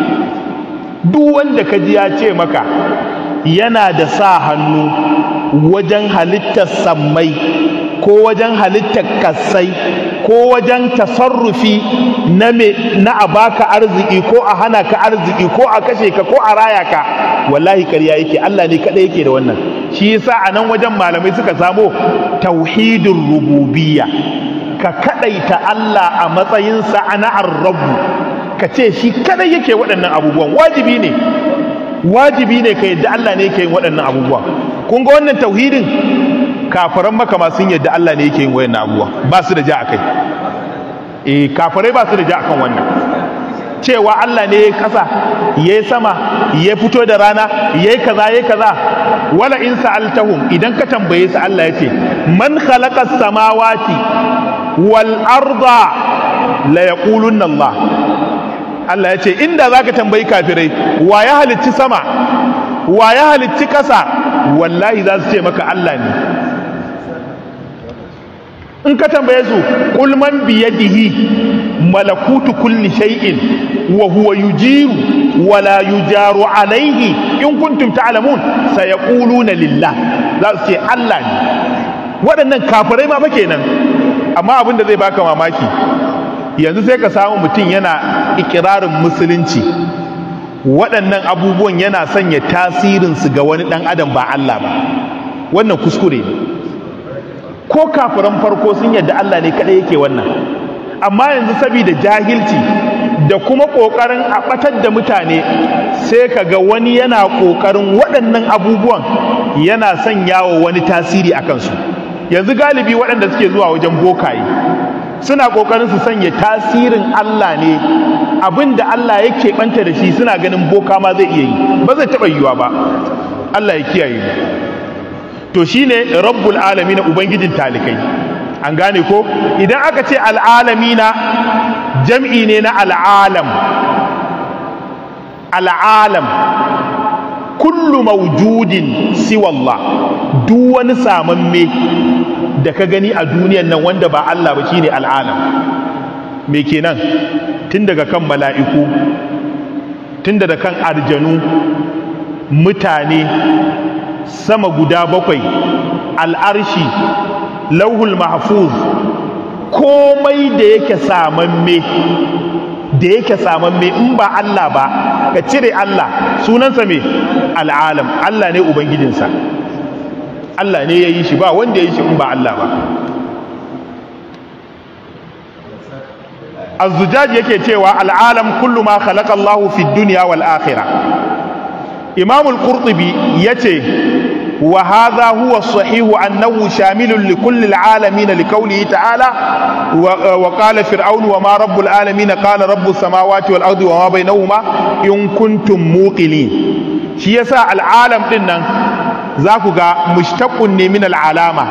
duk wanda ka ji ya ce maka yana da sa hannu wajen halittar sammai ko wajen halittar kassai ko wajen tasarrufi na na a baka arziki ko a hana ka arziki ko a kashe ka ko a raya ka wallahi ƙarya yake Allah ne kaɗai yake da wannan shi yasa a nan wajen malamai suka samo tauhidin rububiyya ka kaɗaita Allah a matsayinsa ana arrabu ka ce shi kaɗai yake waɗannan abubuwan wajibi ne wajibi ne ka yadda Allah ne yake yin waɗannan abubuwa kun ga wannan tauhidin kafaran maka ma sun yadda Allah ne yake yin wayan abubuwa ba su da ja a kai eh kafarai ba su da ja kan wannan cewa Allah ne ya kasa ya yi sama ya fito da rana ya yi kaza ya yi kaza wala in sa'altahum idan ka tambaye su Allah ya ce man khalaqa samawati wal arda la yaqulunna Allah Allah ya ce inda zaka tambayi kafirai wa ya halicci sama wa ya halicci kasa wallahi za su ce maka Allah ne in ka tambaye su qul man bi yadihi malakutu kulli shay'in wa huwa yujiru wa la yujaru alayhi in kuntum ta'lamun sayaquluna lillah za su ce Allah ne waɗannan kafirai ma fa kenan amma abin da zai baka mamaki yanzu sai ka samu mutum yana ikirarin musulunci waɗannan abubuwan yana sanya tasirinsu ga wani ɗan adam ba Allah ba wannan kuskure ne ko kafiran farko sun yadda Allah ne kaɗai yake wannan amma yanzu saboda jahilci da kuma ƙoƙarin a ɓatar da mutane sai ka ga wani yana ƙoƙarin waɗannan abubuwan yana sanya wa wani tasiri a kansu yanzu galibi waɗanda suke zuwa wajen bokaye suna ƙoƙarin su sanya tasirin Allah ne abin da Allah yake keɓanta da shi suna ganin boka ma zai iya yi ba zai taɓa yiwuwa ba Allah ya kiyaye mu to shine rabbul na ubangijin talikai an gane ko idan aka ce al'alamina jam'i ne na al'alam al'alam kullu mawjudin siwallah duk wani saman me da ka gani a duniyan nan wanda ba Allah ba shine al'alam me kenan tun daga kan mala'iku tun daga kan arjanu mutane sama guda bakwai al'arshi lauhul mahfuz komai da yake samamme da yake samamme in ba Allah ba ka cire Allah sunansa me al'alam Allah ne ubangijinsa Allah ne ya yi shi ba wanda ya yi shi in ba Allah ba azzujaj yake cewa al'alam kullum ma khalaqa Allahu fid dunya wal akhirah imamul qurtubi yace وهذا هو الصحيح أنه شامل لكل العالمين لقوله تعالى وقال فرعون وما رب العالمين قال رب السماوات والأرض وما بينهما إن كنتم موقنين شيسا العالم لنا زاكوغا مشتقني من العلامة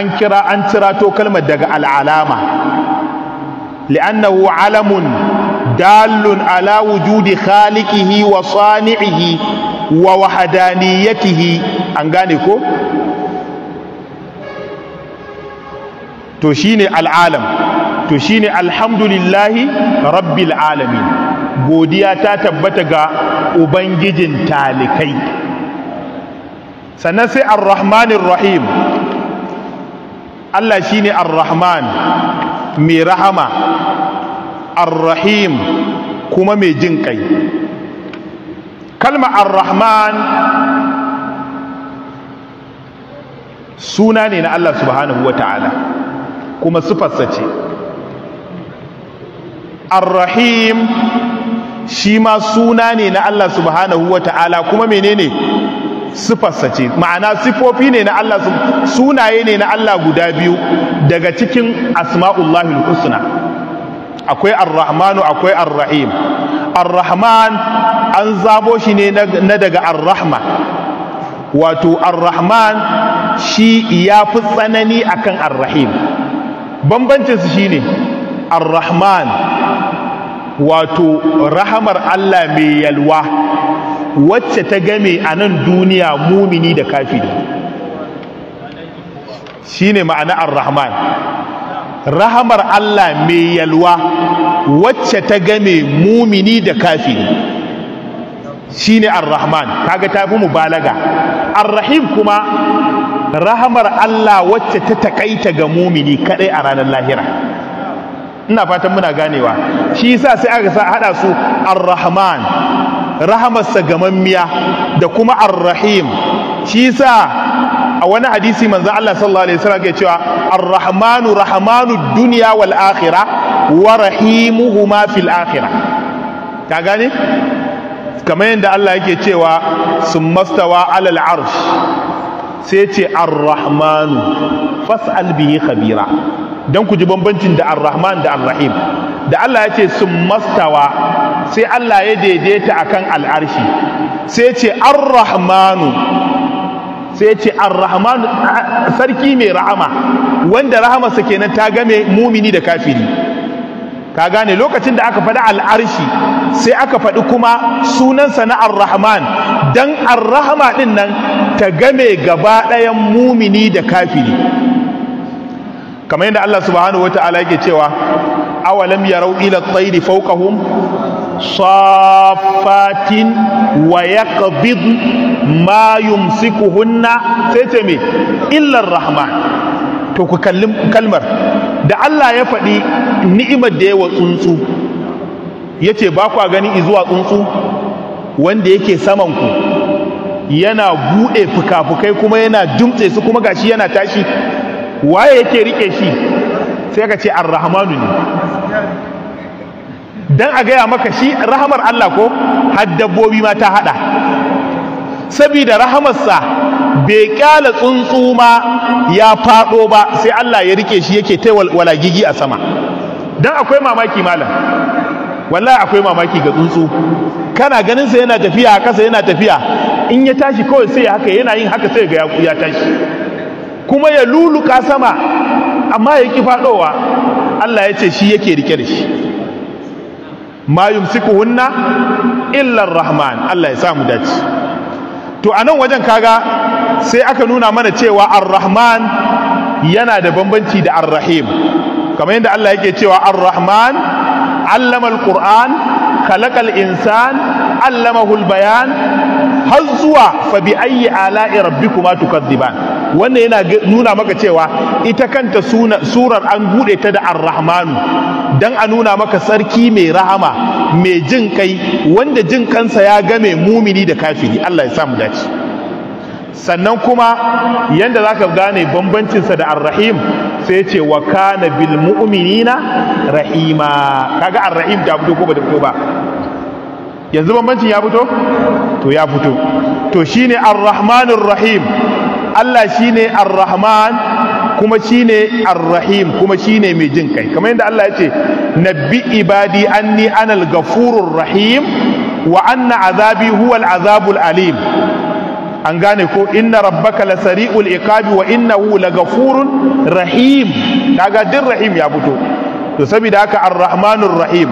أنكرا أنترا توكلمة دقاء العلامة لأنه علم دال على وجود خالقه وصانعه wa wahadaniyatihi an gane ko to shine al'alam to shine alhamdulillahi rabbil alamin godiya ta tabbata ga ubangijin talikai sannan sai arrahmanir rahim Allah shine arrahman mai rahama arrahim kuma mai jin kai kalma ar-rahman suna ne na Allah subhanahu wa ta'ala kuma sufarsa ce ar-rahim shi ma suna ne na Allah subhanahu wa ta'ala kuma menene sifarsa ce ma'ana sifofi ne na Allah sunaye ne na Allah guda biyu daga cikin asma'ullahi husna akwai ar-rahmanu akwai ar-rahim ar-rahman an zabo shi ne na daga ar-rahma wato ar-rahman shi ya fi tsanani akan ar-rahim bambancinsu shi ne ar-rahman wato rahamar Allah mai yalwa wacce ta game a nan duniya mumini da kafiri shine ma'ana ar-rahman rahamar Allah mai yalwa wacce ta game mumini da kafi? Shi ne ar-rahman kaga tafi mubalaga ar-rahim kuma rahamar Allah wacce ta takaita ga mumini kadai a ranar lahira ina fatan muna ganewa shi yasa sai aka sa hada su ar-rahman rahamarsa gamammiya da kuma ar-rahim shi yasa a wani hadisi manzo Allah sallallahu alaihi wasallam ke cewa ar-rahmanu rahmanu dunya wal akhirah wa rahimuhuma fil akhirah ka gane kamar yadda Allah yake cewa sun mastawa alal arsh sai ce ar-rahmanu fas'al bihi khabira dan ku ji bambancin da ar-rahman da ar-rahim da Allah ya ce sun mastawa sai Allah ya daidaita akan al'arshi sai ce ar-rahmanu sai ce arrahman rahman sarki mai rahama wanda rahamarsa kenan ta game mumini da kafiri ka gane lokacin da aka faɗi al'arshi sai aka faɗi kuma sunansa na arrahman rahman dan ar-rahama din nan ta game gaba ɗayan mumini da kafiri kamar yadda Allah subhanahu ta'ala yake cewa awalam yarau ila at fawqahum safatin wa yaqbid ma yumsikuhunna sai ce mai illar rahama, to ku kalmar da Allah ya faɗi ni'imar da yawa tsuntsu ya ce ba kwa gani izuwa tsuntsu wanda yake saman ku yana buɗe fuka-fukai kuma yana dumtse su kuma gashi yana tashi waye yake rike shi sai ka ce ar rahamanu ne dan a gaya maka shi rahamar Allah ko haddabobi ma ta hada saboda rahamarsa bai kyala tsuntsu ma ya fado ba sai Allah ya rike shi yake ta walagigi a sama dan akwai mamaki malam wallahi akwai mamaki ga tsuntsu kana ganin sa yana tafiya a kasa yana tafiya in ya tashi kawai sai haka yana yin haka sai ga ya tashi kuma ya luluka sama amma ya ki fadowa Allah ya ce shi yake rike da shi ma hunna illar rahman Allah ya samu dace to anan wajen kaga sai aka nuna mana cewa ar-rahman yana da bambanci da ar-rahim kamar yadda Allah yake cewa ar-rahman allama al-qur'an khalaqal insan allamahu al har zuwa fa bi ayyi ala'i rabbikuma tukadhiban wannan yana nuna maka cewa ita kanta surar an buɗe ta da ar-rahmanu dan a nuna maka sarki mai rahama mai jin kai wanda jin kansa ya game mumini da kafiri Allah ya samu dace sannan kuma yanda zaka gane bambancinsa da ar-rahim sai ce wa kana bil mu'minina rahima kaga ar-rahim ta fito ko ba ta fito ba yanzu bambancin ya fito to ya fito to shine ar-rahmanur rahim Allah shine ar-rahman kuma shine ar-rahim kuma shine mai jin kai kamar yadda Allah ya ce nabbi ibadi anni anal gafurur rahim wa anna azabi huwal azabul alim an gane ko inna rabbaka la sari'ul iqabi wa innahu gafurun rahim kaga din rahim ya fito to saboda haka ar-rahmanur rahim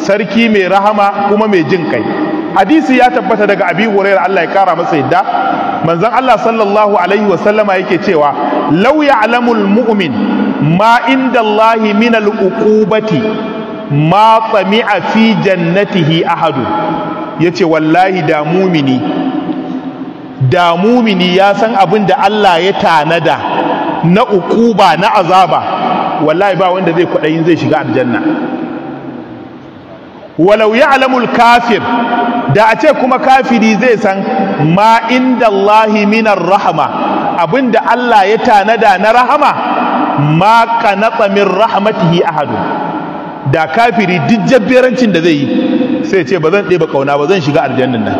sarki mai rahama kuma mai jin kai hadisi ya tabbata daga abi hurairah Allah ya kara masa yadda manzon Allah sallallahu alaihi wa sallama yake cewa law ya'lamul ma inda Allah min al-uqubati ma tsami'a fi jannatihi ahadu yace wallahi da mumini da mumini ya san abin da Allah ya tanada na uquba na azaba wallahi ba wanda zai kwadayin zai shiga aljanna walau ya'lamul kafir da a ce kuma kafiri zai san ma inda Allahi minar rahama abinda Allah ya tanada na rahama ma kanatsa min rahmatihi ahadu da kafiri duk jabberancin da zai yi sai ce ba zan ɗeba kauna ba zan shiga aljannan nan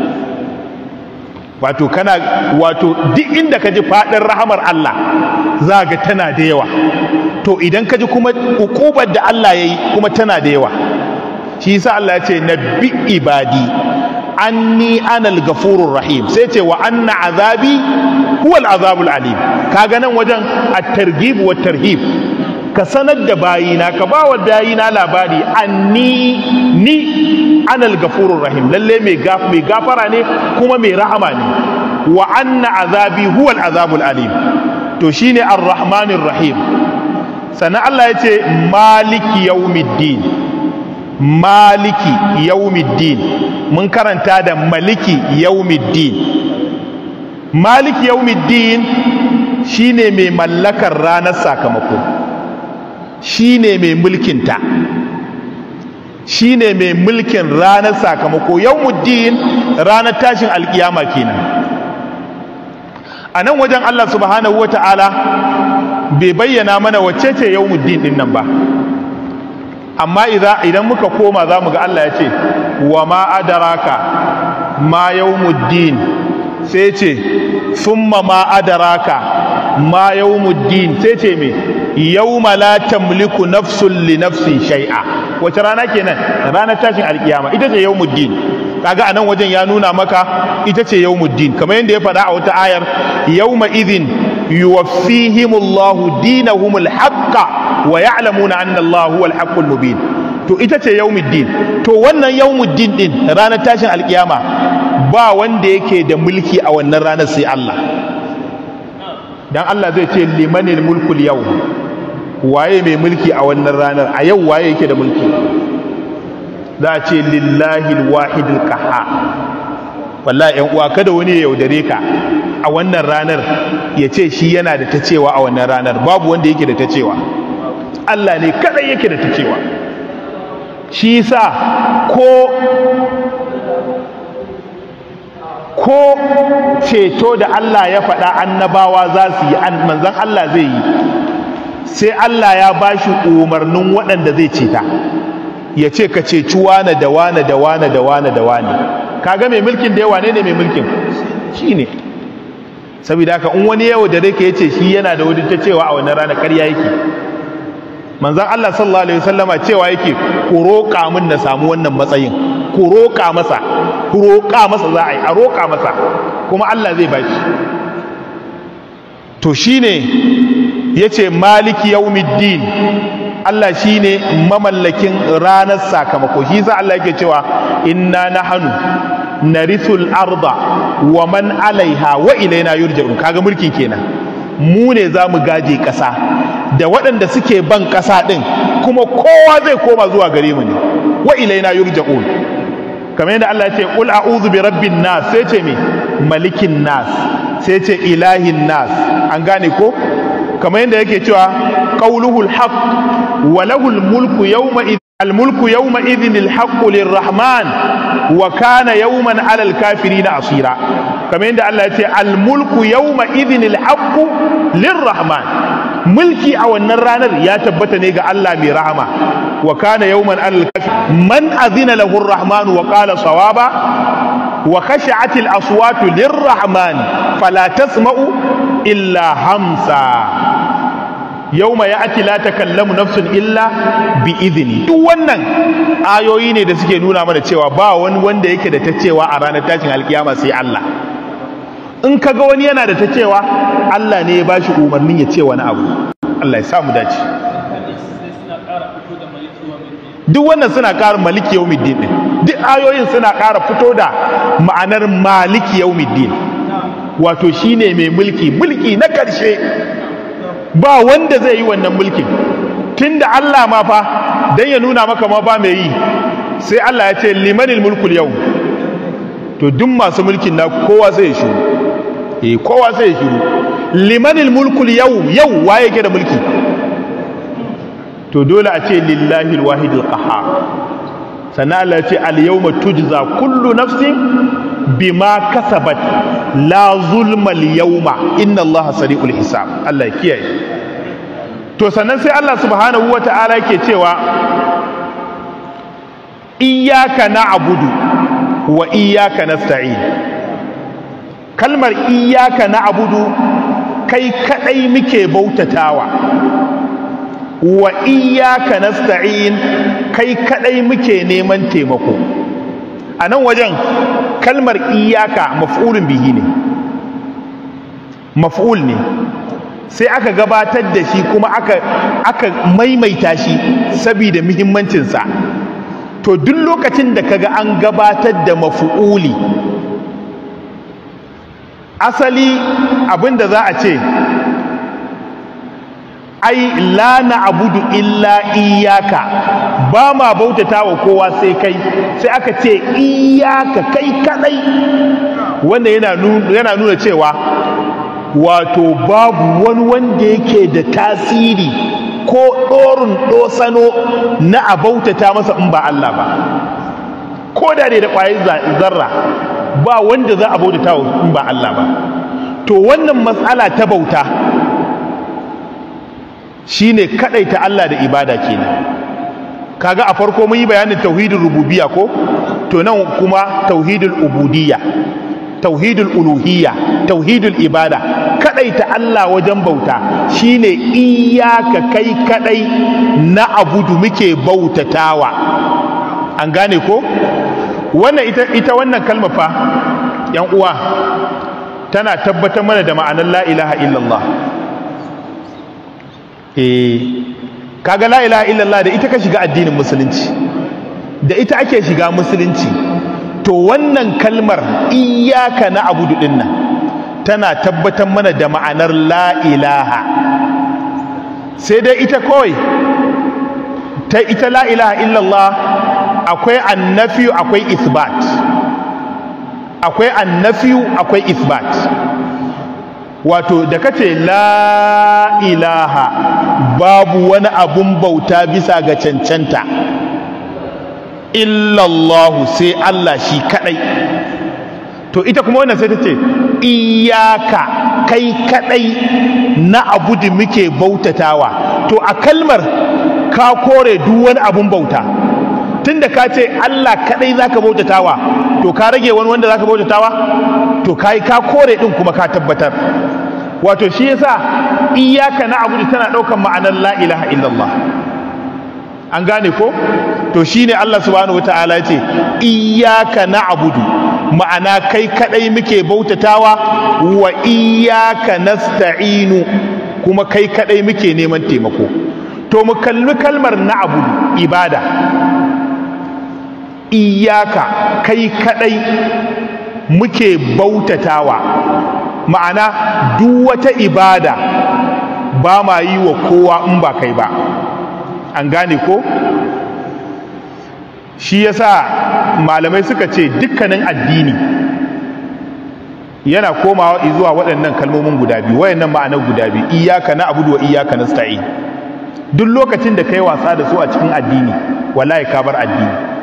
wato kana wato duk inda ka ji faɗin rahamar Allah za ga tana da yawa to idan ka ji kuma ukubar da Allah ya yi kuma tana da yawa shi yasa Allah ya ce nabbi ibadi anni anal gafurur rahim sai ce wa anna azabi huwa azabul alim kaga nan wajen at-targhib wa tarhib ka sanar da bayina ka ba wa dayina labari anni ni anal gafurur rahim lalle mai mai gafara ne kuma mai rahama ne wa anna azabi huwa azabul alim to shine ar-rahmanir rahim sannan Allah ya ce maliki yawmiddin maliki yaumiddin mun karanta da maliki yaumiddin maliki yaumiddin shine mai mallakar ranar sakamako shine mai mulkinta shine mai mulkin ranar sakamako yaumiddin ranar tashin alkiyama kenan a nan wajen Allah subhanahu wata'ala bai bayyana mana wacce ce yaumiddin din nan ba amma idan muka koma za mu ga Allah ya ce wa ma adaraka ma yawmuddin sai ce summa ma adaraka ma yawmuddin sai ce me yawma la tamliku nafsun li nafsin shay'a wace rana kenan Rana tashin alkiyama ita ce yawmuddin kaga anan wajen ya nuna maka ita ce yawmuddin kamar yadda ya faɗa a wata ayar yawma idhin yuwaffihimullahu dinahumul haqqa wa ya'lamuna anna Allahu wal haqqul mubin to ita ce yawmuddin to wannan yawmuddin din ranar tashin alkiyama ba wanda yake da mulki a wannan ranar sai Allah dan Allah zai ce limanil mulkul yau waye mai mulki a wannan ranar a yau waye yake da mulki za a ce lillahi wahidul kaha, wallahi yan uwa kada wani ya yaudare ka a wannan ranar ya ce shi yana da ta cewa a wannan ranar babu wanda yake da ta cewa Allah ne kadai yake da ta cewa shi sa ko ko ceto da Allah ya faɗa annabawa za su yi manzon Allah zai yi sai Allah ya bashi umarnin waɗanda zai ceta ya ce ka ceci wane da wane da wane da wane da wane kaga mai mulkin da yawa ne ne mai mulkin shi ne saboda haka in wani yau da rake ce shi yana da wurin ta cewa a wani rana karya yake manzan Allah sallallahu alaihi wasallama cewa yake ku roƙa min na samu wannan matsayin ku roƙa masa ku roƙa masa za a yi a roƙa masa kuma Allah zai bashi to shine yace maliki yaumiddin Allah shine mamallakin ranar sakamako shi yasa Allah yake cewa inna nahnu narithul arda wa man alaiha wa ilaina yurja'un kaga mulki kenan mu ne za mu gaje ƙasa da waɗanda suke ban ƙasa ɗin kuma kowa zai koma zuwa gare mu ne wa ilaina yurja'un kamar yadda Allah ya ce qul a'udhu bi rabbin nas sai ce me malikin nas sai ce ilahin nas an gane ko kamar yadda yake cewa قوله الحق وله الملك يومئذ الملك يومئذ الحق للرحمن وكان يوما على الكافرين عصيرا كما عند الله يتي الملك يومئذ الحق للرحمن ملكي او النرانر يا تبت نيغا الله مي رحمه وكان يوما على الكافر من اذن له الرحمن وقال صوابا وخشعت الاصوات للرحمن فلا تسمع الا همسا yauma ya'ti la takallamu nafsun illa bi izini duk wannan ayoyi ne da suke nuna mana cewa ba wani wanda yake da ta cewa a ranar tashin alkiyama sai Allah in kaga wani yana da ta cewa Allah ne ya bashi umarnin ya ce wani abu Allah ya samu dace duk wannan suna ƙara maliki yaumiddin din duk ayoyin suna ƙara fito da ma'anar maliki yaumiddin wato shine mai mulki mulki na ƙarshe ba wanda zai yi wannan mulkin tunda Allah ma fa dan ya nuna maka ma ba mai yi sai Allah ya ce limanil mulkul yau to duk masu mulkin na kowa zai shiru eh kowa zai shiru limanil mulkul yau yau waye yake da mulki to dole a ce lillahi alwahidul qahhar sannan Allah ya ce al yawma tujza kullu nafsin bima kasabat la zulmal yawma inna allaha sari'ul hisab Allah kiyaye to sannan sai Allah subhanahu wata'ala yake cewa iyyaka na'budu wa iyyaka nasta'in kalmar iyyaka na'budu kai kadai muke bautatawa wa iyyaka nasta'in kai kadai muke neman taimako a nan wajen kalmar iyaka maf'ulun bihi ne maf'ul ne sai aka gabatar da shi kuma aka aka maimaita shi saboda muhimmancinsa to duk lokacin da kaga an gabatar da mafu'uli asali abinda za a ce ai la na'budu illa iyaka ba ma bautata wa kowa sai kai sai aka ce iyaka kai kadai Wannan yana yana nuna cewa wato babu wani wanda yake da tasiri ko dorin dosano na abautata masa in ba Allah ba ko da ne da kwayi zarra ba wanda za a bautata in ba Allah ba to wannan matsala ta bauta Shi shine ta Allah da ibada kenan kaga a farko mun yi bayanin tauhidin rububiya ko to nan kuma tauhidin ubudiyya tauhidul uluhiyya tauhidul ibada ta Allah wajen bauta shi shine iyaka kai kaɗai na abudu muke bautatawa an gane ko wannan ita wannan kalma fa yan uwa tana tabbatar mana da ma'anar la'ilaha illallah eh kaga la ilaha illallah da ita ka shiga addinin musulunci da ita ake shiga musulunci to wannan kalmar iyyaka na abudu dinnan tana tabbatar mana da ma'anar la ilaha sai dai ita kawai ta ita la ilaha illallah akwai annafi akwai isbat akwai annafi akwai isbat wato da kace la ilaha babu wani abun bauta bisa ga cancanta illallahu sai Allah shi kadai to ita kuma wannan sai ta ce iyaka kai kadai na abu da muke bautatawa to a kalmar ka kore duk wani abun bauta tun da ka ce Allah kaɗai zaka bautatawa to ka rage wani wanda zaka bautatawa to ka yi ka kore ɗin kuma ka tabbatar wato shi yasa iyaka na abudu tana ɗaukan ma'anar la ilaha illallah an gane ko to shine Allah subhanahu wataala iyaka na abudu ma'ana kai kaɗai muke bautatawa wa na nasta'inu kuma kai kaɗai muke neman taimako to mu kalli kalmar abudu ibada iyaka kai kadai muke bautatawa ma'ana duk wata ibada ba ma yi wa kowa in ba kai ba an gane ko shi yasa malamai suka ce dukkanin addini yana komawa zuwa waɗannan kalmomin guda biyu wayannan ma'anar guda biyu iyaka na abudu wa iyaka duk lokacin da kai wasa da su a cikin addini wallahi ka bar addini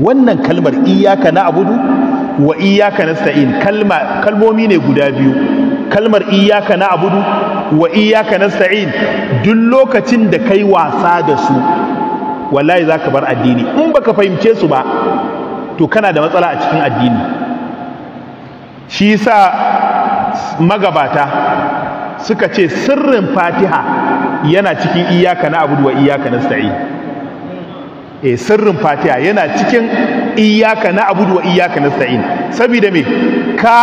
wannan kalmar iyaka na abudu wa iyaka na sta'in kalmomi ne guda biyu kalmar iyaka na abudu wa iyaka na sta'in duk lokacin da kai wasa da su wallahi za ka bar addini in baka fahimce su ba to kana da matsala a cikin addini shi sa magabata suka ce sirrin fatiha yana cikin iyaka na abudu wa iyaka na sta'in e sirrin fatiha yana cikin iyaka na abudu wa iyaka na sa'in saboda me ka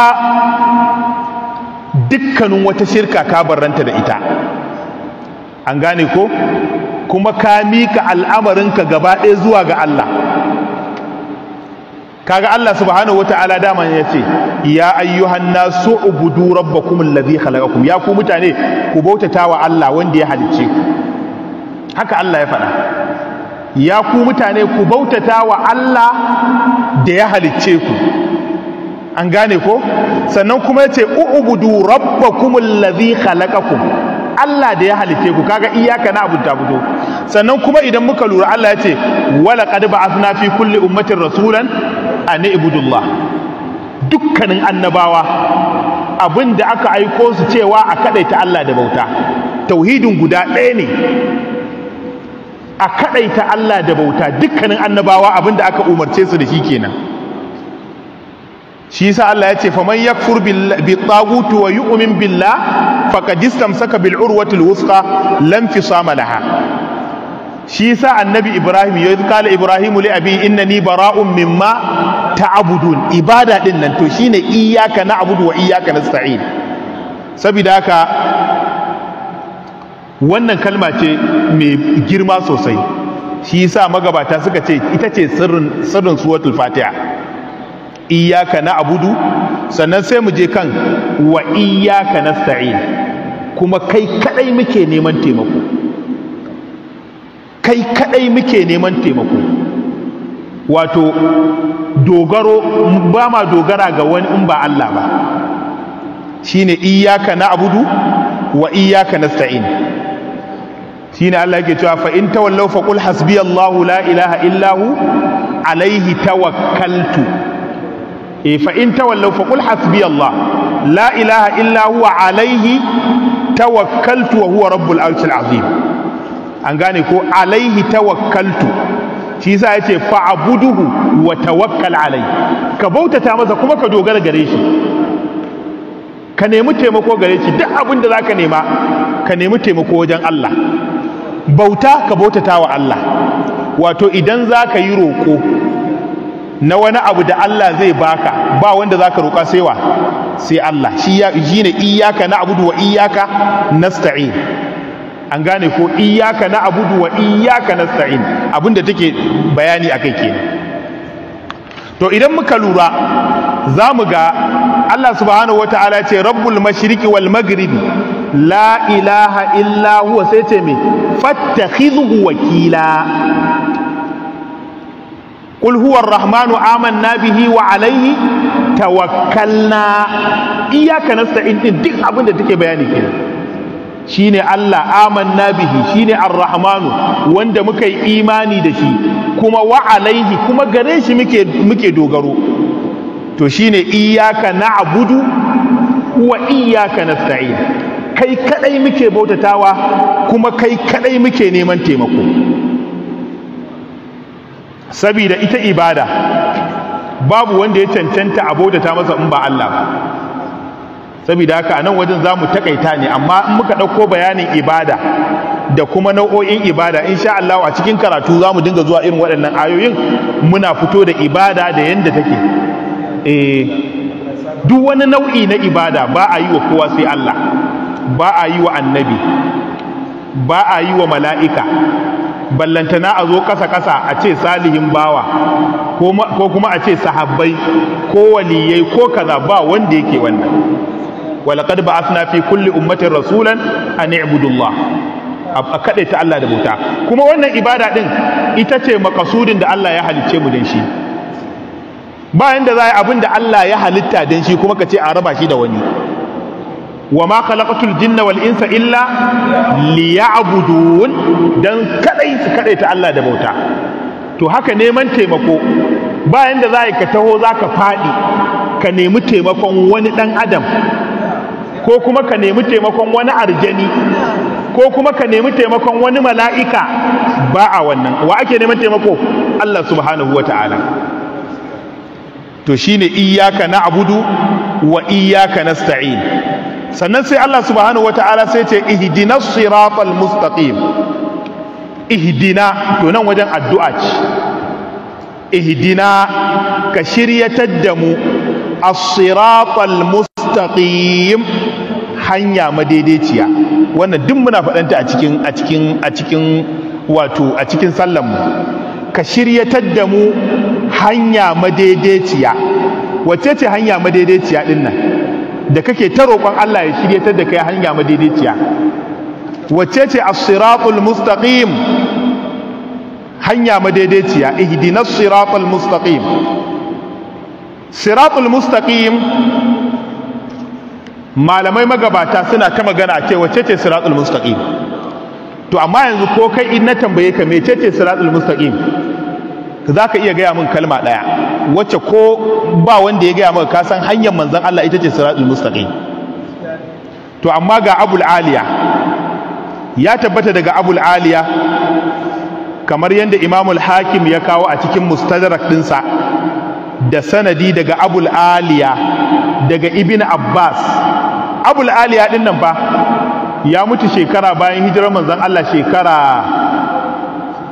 dukkanin wata shirka ka barranta da ita an gane ko kuma ka mika al'amarinka gaba ɗaya zuwa ga Allah kaga Allah subhanahu wata'ala daman ya ce ya ayyuhan nasu ubudu rabbakum allazi khalaqakum ya ku mutane ku bautata wa Allah wanda ya halicce haka Allah ya faɗa ya ku mutane ku bautata wa Allah da ya halicce ku an gane ko sannan kuma ya ce u'budu rabbakum allazi khalaqakum Allah da ya halicce ku kaga iyaka na abu budo sannan kuma idan muka lura Allah ya ce wala qad ba'athna fi kulli ummatin rasulan an ibudullah dukkanin annabawa abinda aka aiko su cewa a kadaita Allah da bauta tauhidin guda ɗaya ne a kadaita Allah da bauta dukkanin annabawa abinda aka umarce su da shi kenan shi sa Allah ya ce faman yakfur bi tagutu wa yu'min billah faqad istamsaka bil urwati alwusqa lam laha shi sa annabi Ibrahim ya kala Ibrahim li abi ni bara'un mimma ta'budun ibada din nan to shine iyyaka abudu wa iyaka na sa'in. Sabida ka. wannan kalma ce mai girma sosai shi yasa magabata suka ce ita ce sirrin sirrin suratul fatiha iyyaka na'budu sannan sai mu je kan wa iyyaka nasta'in kuma kai kadai muke neman taimako kai kadai muke neman taimako wato dogaro ba ma dogara ga wani in ba Allah ba shine iyyaka na'budu wa iyyaka nasta'in shine Allah yake cewa fa in tawallaw fa qul hasbiyallahu la ilaha illa hu alaihi tawakkaltu eh fa in tawallaw fa qul Allah la ilaha illa hu alaihi tawakkaltu wa huwa rabbul arshil azim an gane ko alaihi tawakkaltu shi sa yace fa abuduhu wa tawakkal alai ka bautata masa kuma ka dogara gare shi ka nemi taimako gare shi duk abin da zaka nema ka nemi taimako wajen Allah bauta ka bautata wa Allah wato idan za ka yi roƙo na wani abu da Allah zai baka ba wanda za ka roƙa sai sai Allah shi ya ji ne iyaka na abudu wa iyaka nasta'in an gane ko iyaka na abudu wa iyaka nasta'in abinda take bayani a kai kenan to idan muka lura za mu ga Allah subhanahu ta'ala ce rabbul mashriqi wal maghribi la ilaha illa huwa sai ce me fattakhidhu wakila kul huwa ar-rahmanu amanna bihi wa alayhi tawakkalna iyyaka nasta'in din duk abin da take bayani kenan shine Allah amanna bihi shine ar-rahmanu wanda muka yi imani da shi kuma wa alayhi kuma gare shi muke muke dogaro to shine iyyaka na'budu wa iyyaka nasta'in kai kadai muke bautatawa kuma kai kadai muke neman taimako saboda ita ibada babu wanda ya cancanta a bautata masa in ba Allah ba saboda haka anan wajen zamu takaita ne amma in muka dauko bayanin ibada da kuma nau'o'in ibada insha Allah a cikin karatu zamu dinga zuwa irin waɗannan ayoyin muna fito da ibada da yanda take eh duk wani nau'i na ibada ba a yi wa kowa sai Allah ba a yi wa annabi ba a yi wa mala'ika ballantana a zo kasa-kasa a ce salihin bawa ko kuma a ce sahabbai ko waliyai ko kaza ba wanda yake wannan a suna fi kulli ummatin rasulan an i'budullah a kaɗai ta Allah da bauta kuma wannan ibada ɗin ita ce makasudin da Allah ya halicce mu don shi bayan da za a abin da Allah ya halitta don shi kuma ka ce a raba shi da wani wa ma khalaqatul jinna wal insa illa liya'budun dan kadai su kadai ta Allah da bauta to haka neman taimako ba da za ka taho za ka faɗi ka nemi taimakon wani ɗan adam ko kuma ka nemi taimakon wani arjani ko kuma ka nemi taimakon wani mala'ika ba a wannan wa ake neman taimako Allah subhanahu wa ta'ala to shine iyaka na abudu wa iyaka nasta'in sannan sai Allah subhanahu wataala sai ce ihdina siratal mustaqim ihdina to nan wajen addu'a ce ihdina ka shiryatar da mu as-siratal mustaqim hanya madaidaiciya wannan duk muna faɗanta a cikin a cikin a cikin wato a cikin sallan mu ka shiryatar da mu hanya madaidaiciya wacce ce hanya madaidaiciya din nan da kake ta roƙon Allah ya shirye ta da kai hanya madaidaiciya wacce ce as-siratul mustaqim hanya madaidaiciya ihdinas siratal mustaqim siratul mustaqim malamai magabata suna ta magana ce wacce ce siratul mustaqim to amma yanzu ko kai in na tambaye ka mecece siratul mustaqim za ka iya gaya min kalma ɗaya wacce ko ba wanda ya gaya maka ka san hanyar manzan Allah ita ce siratul mustaqim to amma ga abul aliya ya tabbata daga abul aliya kamar yadda imamul hakim ya kawo a cikin mustadrak dinsa da sanadi daga abul aliya daga ibn abbas abul aliya din nan ba ya mutu shekara bayan hijirar manzan Allah shekara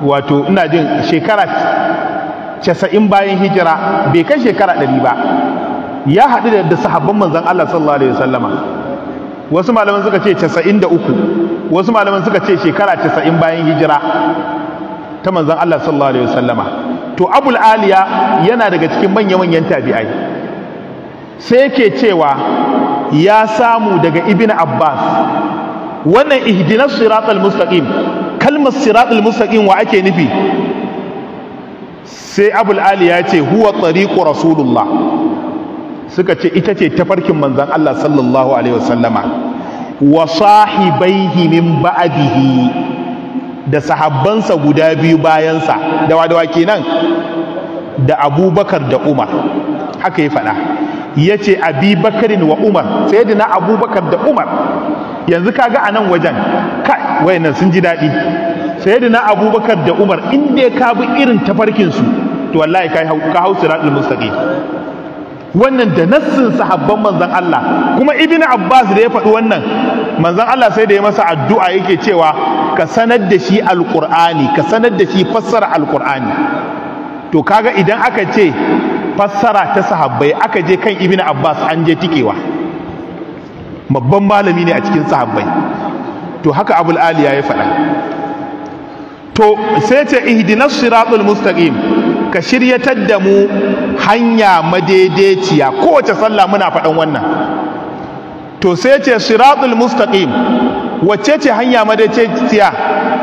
wato ina jin shekara casa'in bayan hijira bai kai shekara ɗari ba ya haɗu da sahabban manzan Allah sallallahu alaihi wasallama wasu malaman suka ce casa'in da uku wasu malaman suka ce shekara casa'in bayan hijira ta manzan Allah sallallahu alaihi wasallama to abul aliya yana daga cikin manya-manyan tabi'ai sai yake cewa ya samu daga ibn abbas wannan ihdinas siratal mustaqim kalmar siratal mustaqim wa ake nufi sai abul ali ya ce huwa tariqu rasulullah suka ce ita ce ta farkin manzon Allah sallallahu alaihi wasallama wa sahibaihi min ba'dihi da sahabbansa guda biyu bayansa da wadawa kenan da abubakar da umar haka ya faɗa ya ce bakarin wa umar sai dina abubakar da umar yanzu kaga a nan wajen kai wayannan sun ji daɗi sayyidina abubakar da umar in dai ka bi irin tafarkin su to wallahi ka ka hau siratul mustaqim wannan da nassin sahabban manzon Allah kuma ibnu abbas da ya faɗi wannan manzon Allah sai da ya masa addu'a yake cewa ka sanar da shi alqur'ani ka sanar da shi fassara alqur'ani to kaga idan aka ce fassara ta sahabbai aka je kan ibnu abbas an je tikewa babban malami ne a cikin sahabbai to haka abul ya yi faɗa to sai ce ihdinas siratul mustaqim ka shiryatar da mu hanya madaidaiciya kowace sallah muna faɗan wannan to sai ce siratul mustaqim wacce ce hanya madaidaiciya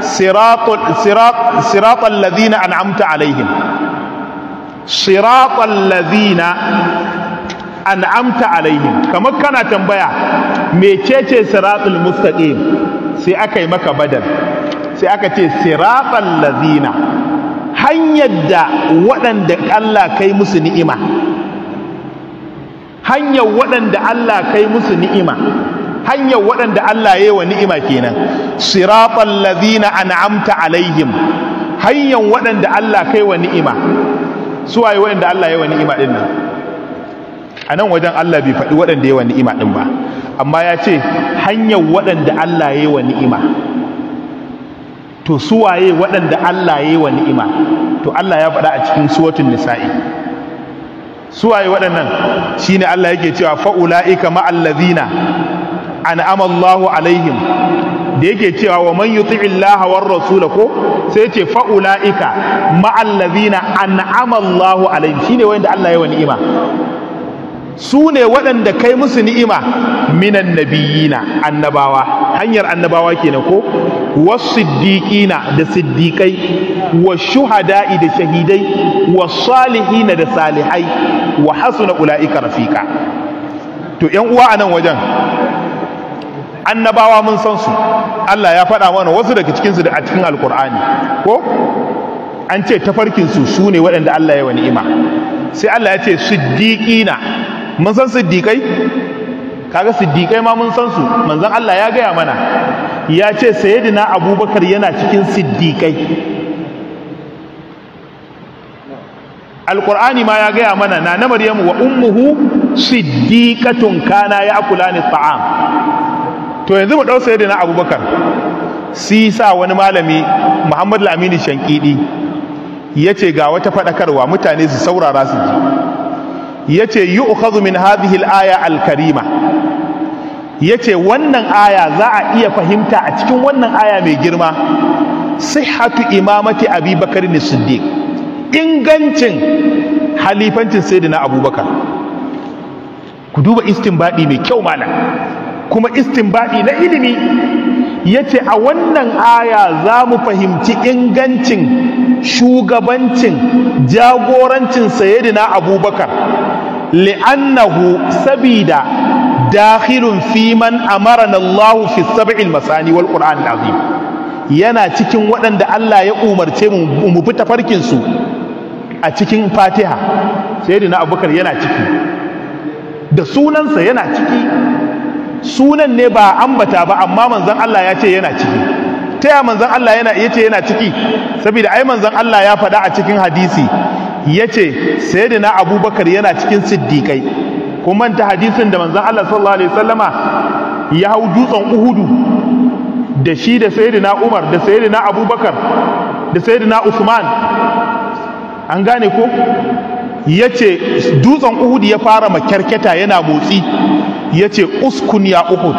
siratul sirat siratal ladina an'amta alaihim siratal ladina an'amta alaihim kamar kana tambaya mecece siratul mustaqim sai aka yi maka badal sai aka ce siratan lazina hanyar da waɗanda Allah kai musu ni'ima hanyar waɗanda Allah kai musu ni'ima hanyar waɗanda Allah ya yi wa ni'ima kenan siratan lazina amta alaihim hanyar waɗanda Allah kai wa ni'ima su waye waɗanda Allah ya yi wa ni'ima ɗin nan a nan wajen Allah bai faɗi waɗanda ya yi wa ni'ima ɗin ba amma ya ce hanyar waɗanda Allah ya yi wa ni'ima to su waye waɗanda Allah ya yi wa ni'ima to Allah ya faɗa a cikin suwatun nisa'i su waye waɗannan shine Allah yake cewa fa'ula'ika ma'allazina an'ama Allahu alaihim da yake cewa wa man yuti'i Allah war rasul ko sai ce fa'ula'ika ma'allazina an'ama Allahu alaihim shine wanda Allah ya yi wa ni'ima su ne waɗanda kai musu ni'ima minan nabiyina annabawa hanyar annabawa kenan ko siddiƙina da siddiƙai, wa shuhada'i da shahidai wa na da salihai wa hasuna ulaika rafiqa to yan uwa anan wajen annabawa mun san su Allah ya faɗa mana wasu daga cikin su da a cikin alkur'ani ko an ce tafarkin su su ne waɗanda Allah ya wani ni'ima sai Allah ya ce siddiqina mun san siddiqai kaga siddiƙai ma mun san su manzon Allah ya gaya mana ya ce sayyidina abubakar yana cikin siddiƙai alqur'ani ma ya gaya mana na na maryamu wa ummuhu siddiqatun kana ya'kulani ta'am to yanzu mu dau sayyidina abubakar si sa wani malami Muhammad Lamini Shankidi yace ga wata fadakarwa mutane su saurara su ji yace yu'khadhu min hadhihi al-aya al-karima yace wannan aya za a iya fahimta a cikin wannan aya mai girma sihhatu imamati abi bakar ni siddiq ingancin halifancin sayyidina abubakar ku duba istinbadi mai kyau mana, kuma istinbadi na ilimi ya ce a wannan aya za mu fahimci ingancin shugabancin jagorancin sayadina abubakar li'annahu sabida dakhilun fiman amaran Allahu fi sab'il masani wal qur'an azim yana cikin waɗanda Allah ya umarce mu mu bi tafarkin su a cikin Fatiha sayyidina Abubakar yana ciki da sunansa yana ciki sunan ne ba ambata ba amma manzon Allah ya ce yana ciki ta ya manzon Allah yana yace yana ciki saboda ai manzon Allah ya faɗa a cikin hadisi yace sayyidina Abubakar yana cikin siddiqai kun manta hadisin da manzon Allah sallallahu alaihi wasallama ya hau dutsen Uhudu da shi da sayyidina Umar da sayyidina Abubakar da sayyidina Usman an gane ko yace dutsen Uhudu ya fara makyarketa yana motsi ya ce uskun ya uhud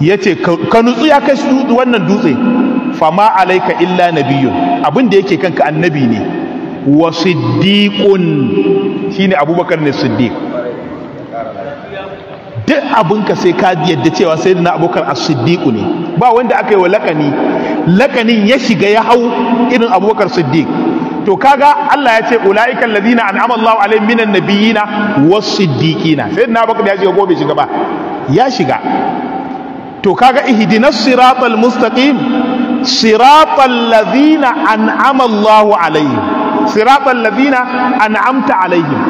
ya ce ka nutsu ya kai wannan dutse fama alaika illa nabiyun abin da yake kanka annabi ne wa siddiqun shine abubakar ne siddiq duk abinka sai ka yadda cewa sai na abokan as siddiƙu ne ba wanda aka yi wa lakani lakanin ya shiga ya hau irin abubakar siddiq to kaga Allah ya ce ulaiikal ladina an'ama Allahu alaihim minan nabiyina was-siddiqina sayyidina Abubakar ya shiga gobe shiga ba ya shiga to kaga ihdinas siratal mustaqim siratal ladina an'ama Allahu alaihim siratal ladina an'amta alaihim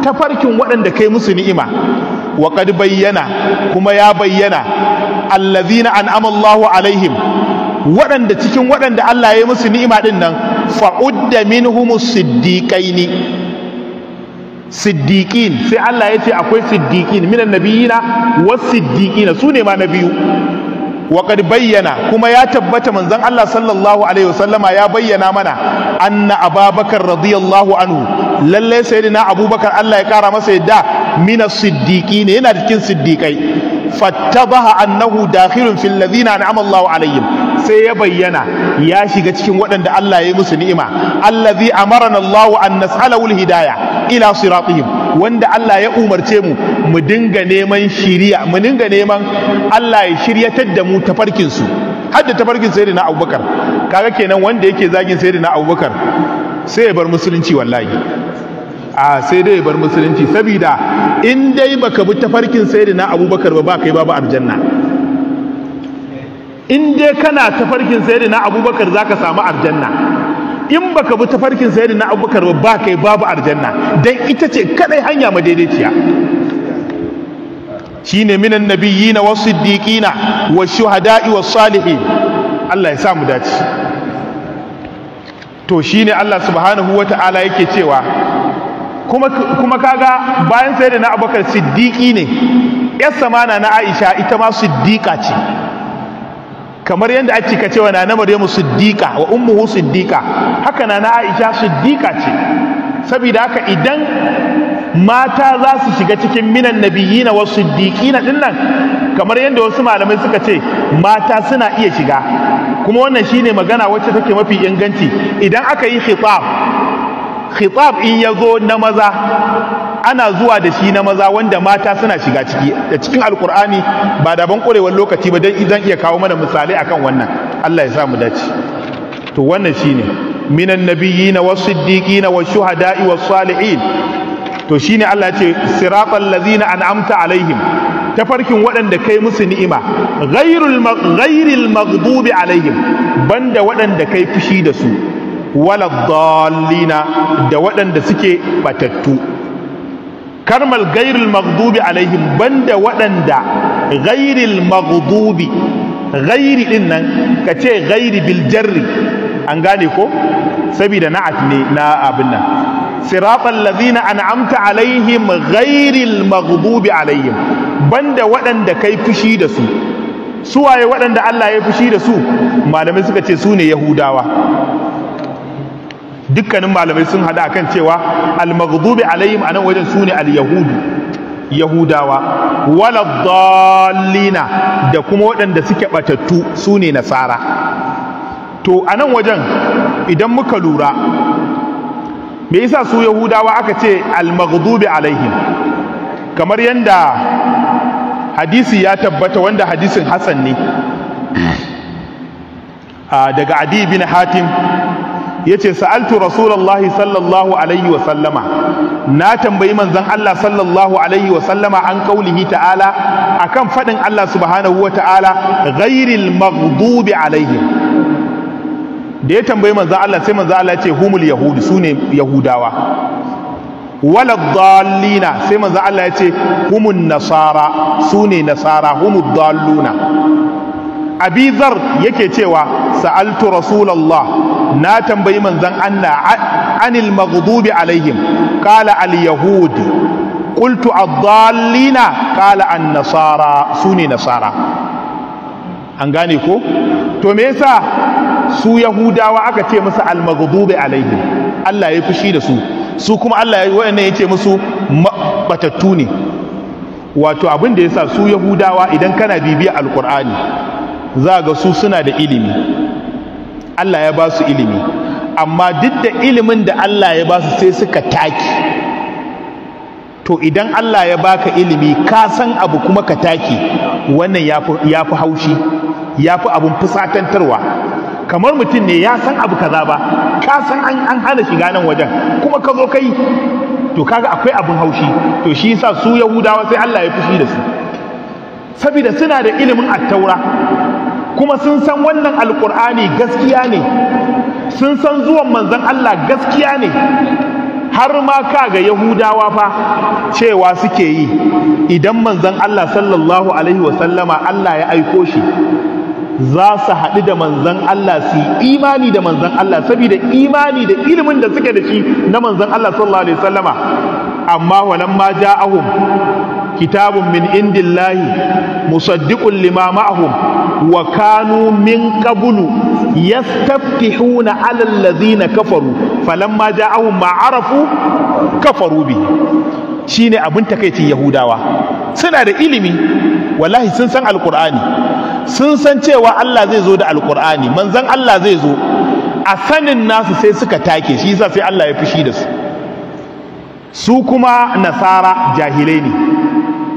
tafarkin waɗanda kai musu ni'ima wa qad bayyana kuma ya bayyana allazina an'ama Allahu alaihim waɗanda cikin waɗanda Allah ya musu ni'ima ɗin nan fa'udda minhumus siddiqaini siddiqin sai Allah ya ce akwai siddiqin minan nabiyina wa siddiqina su ne ma nabiyu wa qad bayyana kuma ya tabbata manzon Allah sallallahu alaihi wasallama ya bayyana mana anna ababakar radiyallahu anhu lalle sayyidina abubakar Allah ya kara masa yadda siddiƙi siddiqin yana cikin siddiqai fattabaha annahu dakhilun fil ladina an'ama Allahu alaihim sai ya bayyana ya shiga cikin waɗanda Allah ya musu ni'ima allazi amarana Allahu an nas'alahu al-hidayah ila siratihim wanda Allah ya umarce mu mu dinga neman shiriya mu dinga neman Allah ya shiryatar da mu tafarkin su har da tafarkin sayyidina Abubakar kaga kenan wanda yake zagin sayyidina Abubakar sai ya bar musulunci wallahi a sai dai ya bar musulunci saboda in dai baka bi tafarkin sayyidina Abubakar ba ba kai babu aljanna in dai kana tafarkin na abubakar za ka samu Arjanna, in ba ka bi tafarkin na abubakar ba kai babu Arjanna. Don ita ce kadai hanya madaidaiciya ne minan na wasu siddiqina wa shuhada'i wa salihi Allah ya sa mu dace to shi ne Allah subhanahu ta'ala yake cewa kuma kaga bayan na abubakar siddiqi ne yasa mana na Aisha ita ma siddiqa ce kamar yadda a cika cewa na Maryamu siddiqa wa ummuhu siddiqa haka na na Aisha siddiqa ce saboda haka idan mata za su shiga cikin minan nabiyina wa na dinnan kamar yadda wasu malamai suka ce mata suna iya shiga kuma wannan shine magana wacce take mafi inganci idan aka yi khitab khitab in ya zo na maza ana zuwa da shi na maza wanda mata suna shiga ciki da cikin alkur'ani ba da ban kurewar lokaci ba dan idan iya kawo mana misalai akan wannan Allah ya sa mu dace to wannan shine minan nabiyyin was-siddiqin wash-shuhada'i was-salihin to shine Allah ya ce siratal ladzina an'amta alaihim tafarkin waɗanda kai musu ni'ima ghairul ghairil maghdubi alaihim banda waɗanda kai fushi da su wala dallina da waɗanda suke batattu karmal gairil maghdubi alaihim banda waɗanda gairil maghdubi gairi din nan ka ce gairi bil jarri an gane ko saboda na'at ne na abin nan siratal ladina an'amta alaihim gairil maghdubi alaihim banda waɗanda kai fushi da su suwaye waɗanda Allah ya fushi da su malamai suka ce su ne yahudawa dukkanin malamai sun hada kan cewa al-maghdubi alaihim anan wajen sune al-yahudu yahudawa wala da kuma wadanda suke batattu sune nasara to anan wajen idan muka lura me yasa su yahudawa aka ce al-maghdubi alaihim kamar yanda hadisi ya tabbata wanda hadisin hasan ne ah, daga adi bin hatim yace sa'altu rasulullahi sallallahu alaihi wa sallama na tambayi manzan Allah sallallahu alaihi wa sallama an kaulihi ta'ala akan faɗin Allah subhanahu wa ta'ala ghairil maghdubi alaihim da ya tambayi manzan Allah sai manzan Allah yace humul yahudi su ne yahudawa wala dallina sai manzan Allah yace humul nasara su ne nasara humul dalluna abizar yake cewa sa'altu rasulallah na tambayi manzan Allah anil maghdubi alaihim qala al yahud qultu ad-dallina qala an nasara nasara an gane ko to me yasa su yahudawa aka ce musu al maghdubi alaihim Allah ya fushi da su su kuma Allah ya yace musu batattu ne wato abin da yasa su yahudawa idan kana bibiya alqur'ani za ga su suna da ilimi Allah ya ba su ilimi amma duk da ilimin da Allah ya ba su sai suka taki to idan Allah ya baka ilimi ka san abu kuma ka taki wannan ya fi haushi ya fi abin fusatantarwa kamar mutum ne ya san abu kaza ba ka san an hana shiga nan wajen kuma ka zo kai to kaga akwai abin haushi to shi yasa su yahudawa sai Allah ya fushi da su saboda suna da ilimin attaura kuma sun san wannan alkur'ani gaskiya ne sun san zuwan manzan Allah gaskiya ne har ma ka ga yahudawa fa cewa suke yi idan manzan Allah sallallahu alaihi wasallama Allah ya aiko shi za su haɗu da manzan Allah su yi imani da manzan Allah saboda imani da ilimin da suke da shi na manzan Allah sallallahu alaihi wasallama amma walan ma ja'ahum kitabun min indillahi musaddiqun lima ma'ahum wa kanu min qablu yastaftihuna ala allazina kafaru falamma ja'ahum ma arafu kafaru bi shine abin takaicin yahudawa suna da ilimi wallahi sun san alqur'ani sun san cewa Allah zai zo da alqur'ani manzon Allah zai zo a sanin nasu sai suka take shi yasa sai Allah ya fushi da su su kuma nasara jahilai ne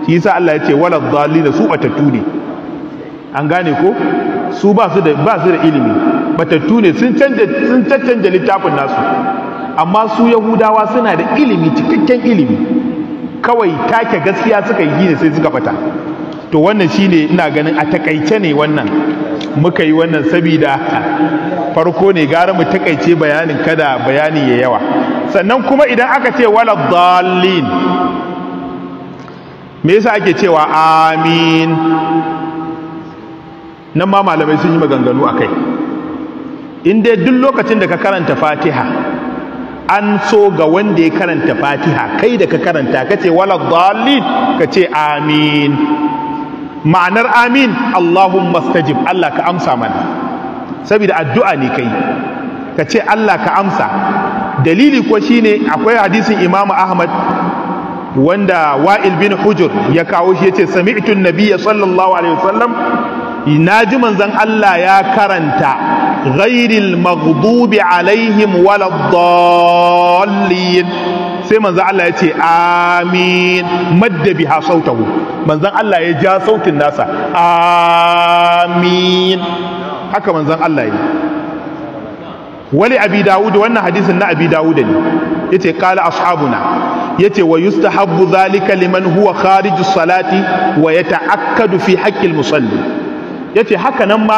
shi yasa Allah ya ce wala dhalina su batattu ne an gane ko su ba su da ba su da ilimi batattu ne sun canja sun caccanja littafin nasu amma su yahudawa suna da ilimi cikakken ilimi kawai take gaskiya suka yi ne sai suka fata to wannan shine ina ganin a takaice ne wannan muka yi wannan sabida farko ne gara mu takaice bayanin kada bayani ya yawa sannan kuma idan aka ce wala dallin me yasa ake cewa amin nan ma malamai sun yi maganganu a kai in dai duk lokacin da ka karanta fatiha an so ga wanda ya karanta fatiha kai da ka karanta ka ce wala dalil ka ce amin ma'anar amin allahumma stajib allah ka amsa mana saboda addu'a ne kai ka ce allah ka amsa dalili ko shine akwai hadisin imamu ahmad wanda wa'il bin hujur ya kawo shi ya ce sami'tun Nabiya sallallahu alaihi wasallam na ji manzon Allah ya karanta ghairil maghdubi alaihim waladdallin sai manzon Allah ya ce amin madda biha sautahu manzon Allah ya ja sautin nasa amin haka manzon Allah ya wali abi dawud wannan hadisin na abi dawud ne yace qala ashabuna yace wa yustahabbu zalika liman huwa kharij salati wa yata'akkadu fi haqqi al-musalli yace haka nan ma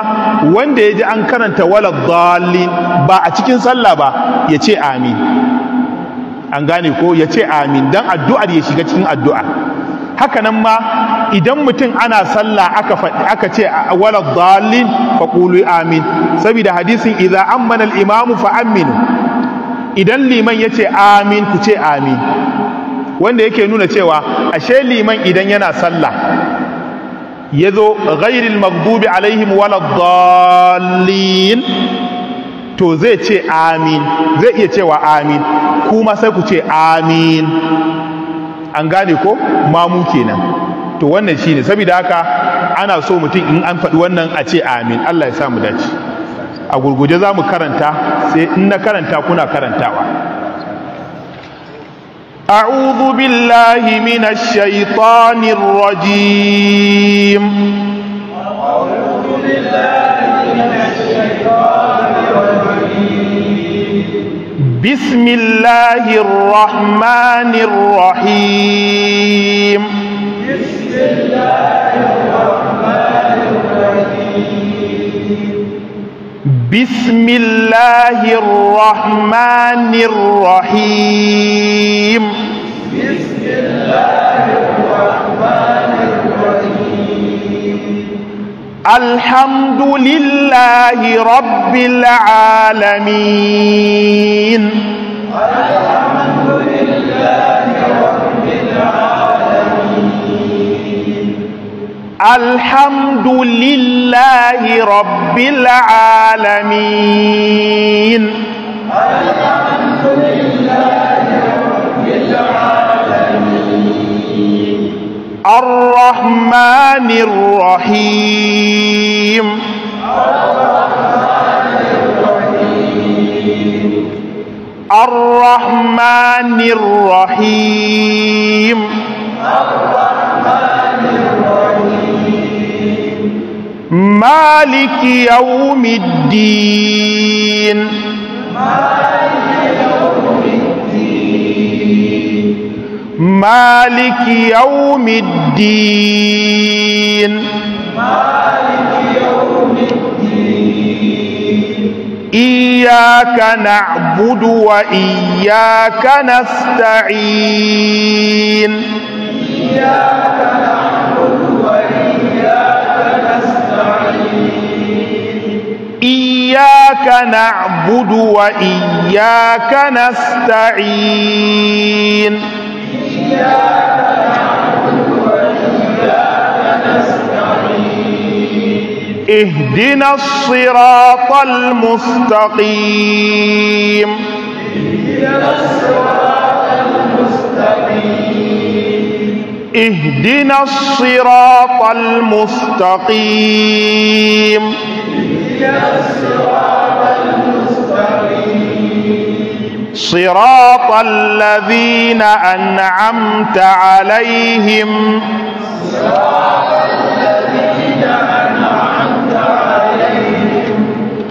wanda ya ji an karanta walad dali ba a cikin sallah ba ya ce amin an gane ko ya ce amin dan addu'ar ya shiga cikin addu'a haka nan ma idan mutum ana sallah aka ce walad dali fa qulu amin saboda hadisin idza ammana al imamu fa aminu idan liman ya ce amin ku ce amin wanda yake nuna cewa ashe liman idan yana sallah ya zo ghairil maghdubi alaihim waladdallin to zai ce amin zai iya cewa amin kuma sai ku ce amin an gane ko mamu kenan to wannan shine saboda haka ana so mutum in an faɗi wannan a ce amin Allah ya sa mu dace a gurguje za mu karanta sai in na karanta kuna karantawa أعوذ بالله من الشيطان الرجيم أعوذ بالله من الشيطان الرجيم بسم الله الرحمن الرحيم بسم الله الرحمن الرحيم بسم الله الرحمن الرحيم الحمد لله رب العالمين الحمد لله رب العالمين الحمد لله رب العالمين الرحمن الرحيم الرحمن الرحيم مالك يوم الدين مالك مالك يوم الدين مالك يوم الدين إياك نعبد وإياك نستعين إياك نعبد وإياك نستعين إياك نعبد وإياك نستعين اهدنا الصراط المستقيم اهدنا الصراط المستقيم اهدنا الصراط المستقيم اهدنا الصراط المستقيم صراط الذين أنعمت عليهم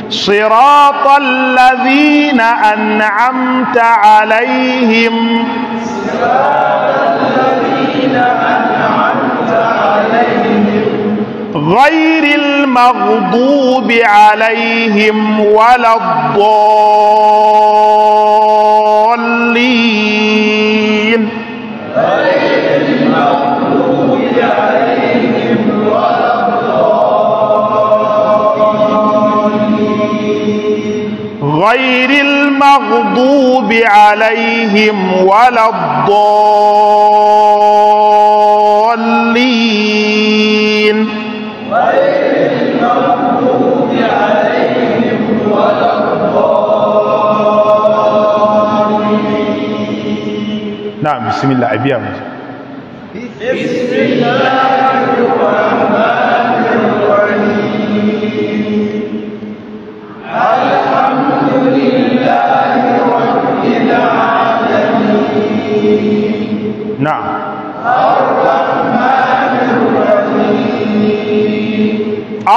صراط الذين أنعمت عليهم غير المغضوب عليهم ولا الضالين غير المغضوب عليهم ولا الضالين نعم بسم الله أبيام بسم الله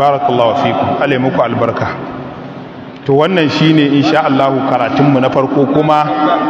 barakallahu fiku ale muku albarka to wannan shine insha Allah karatunmu na farko kuma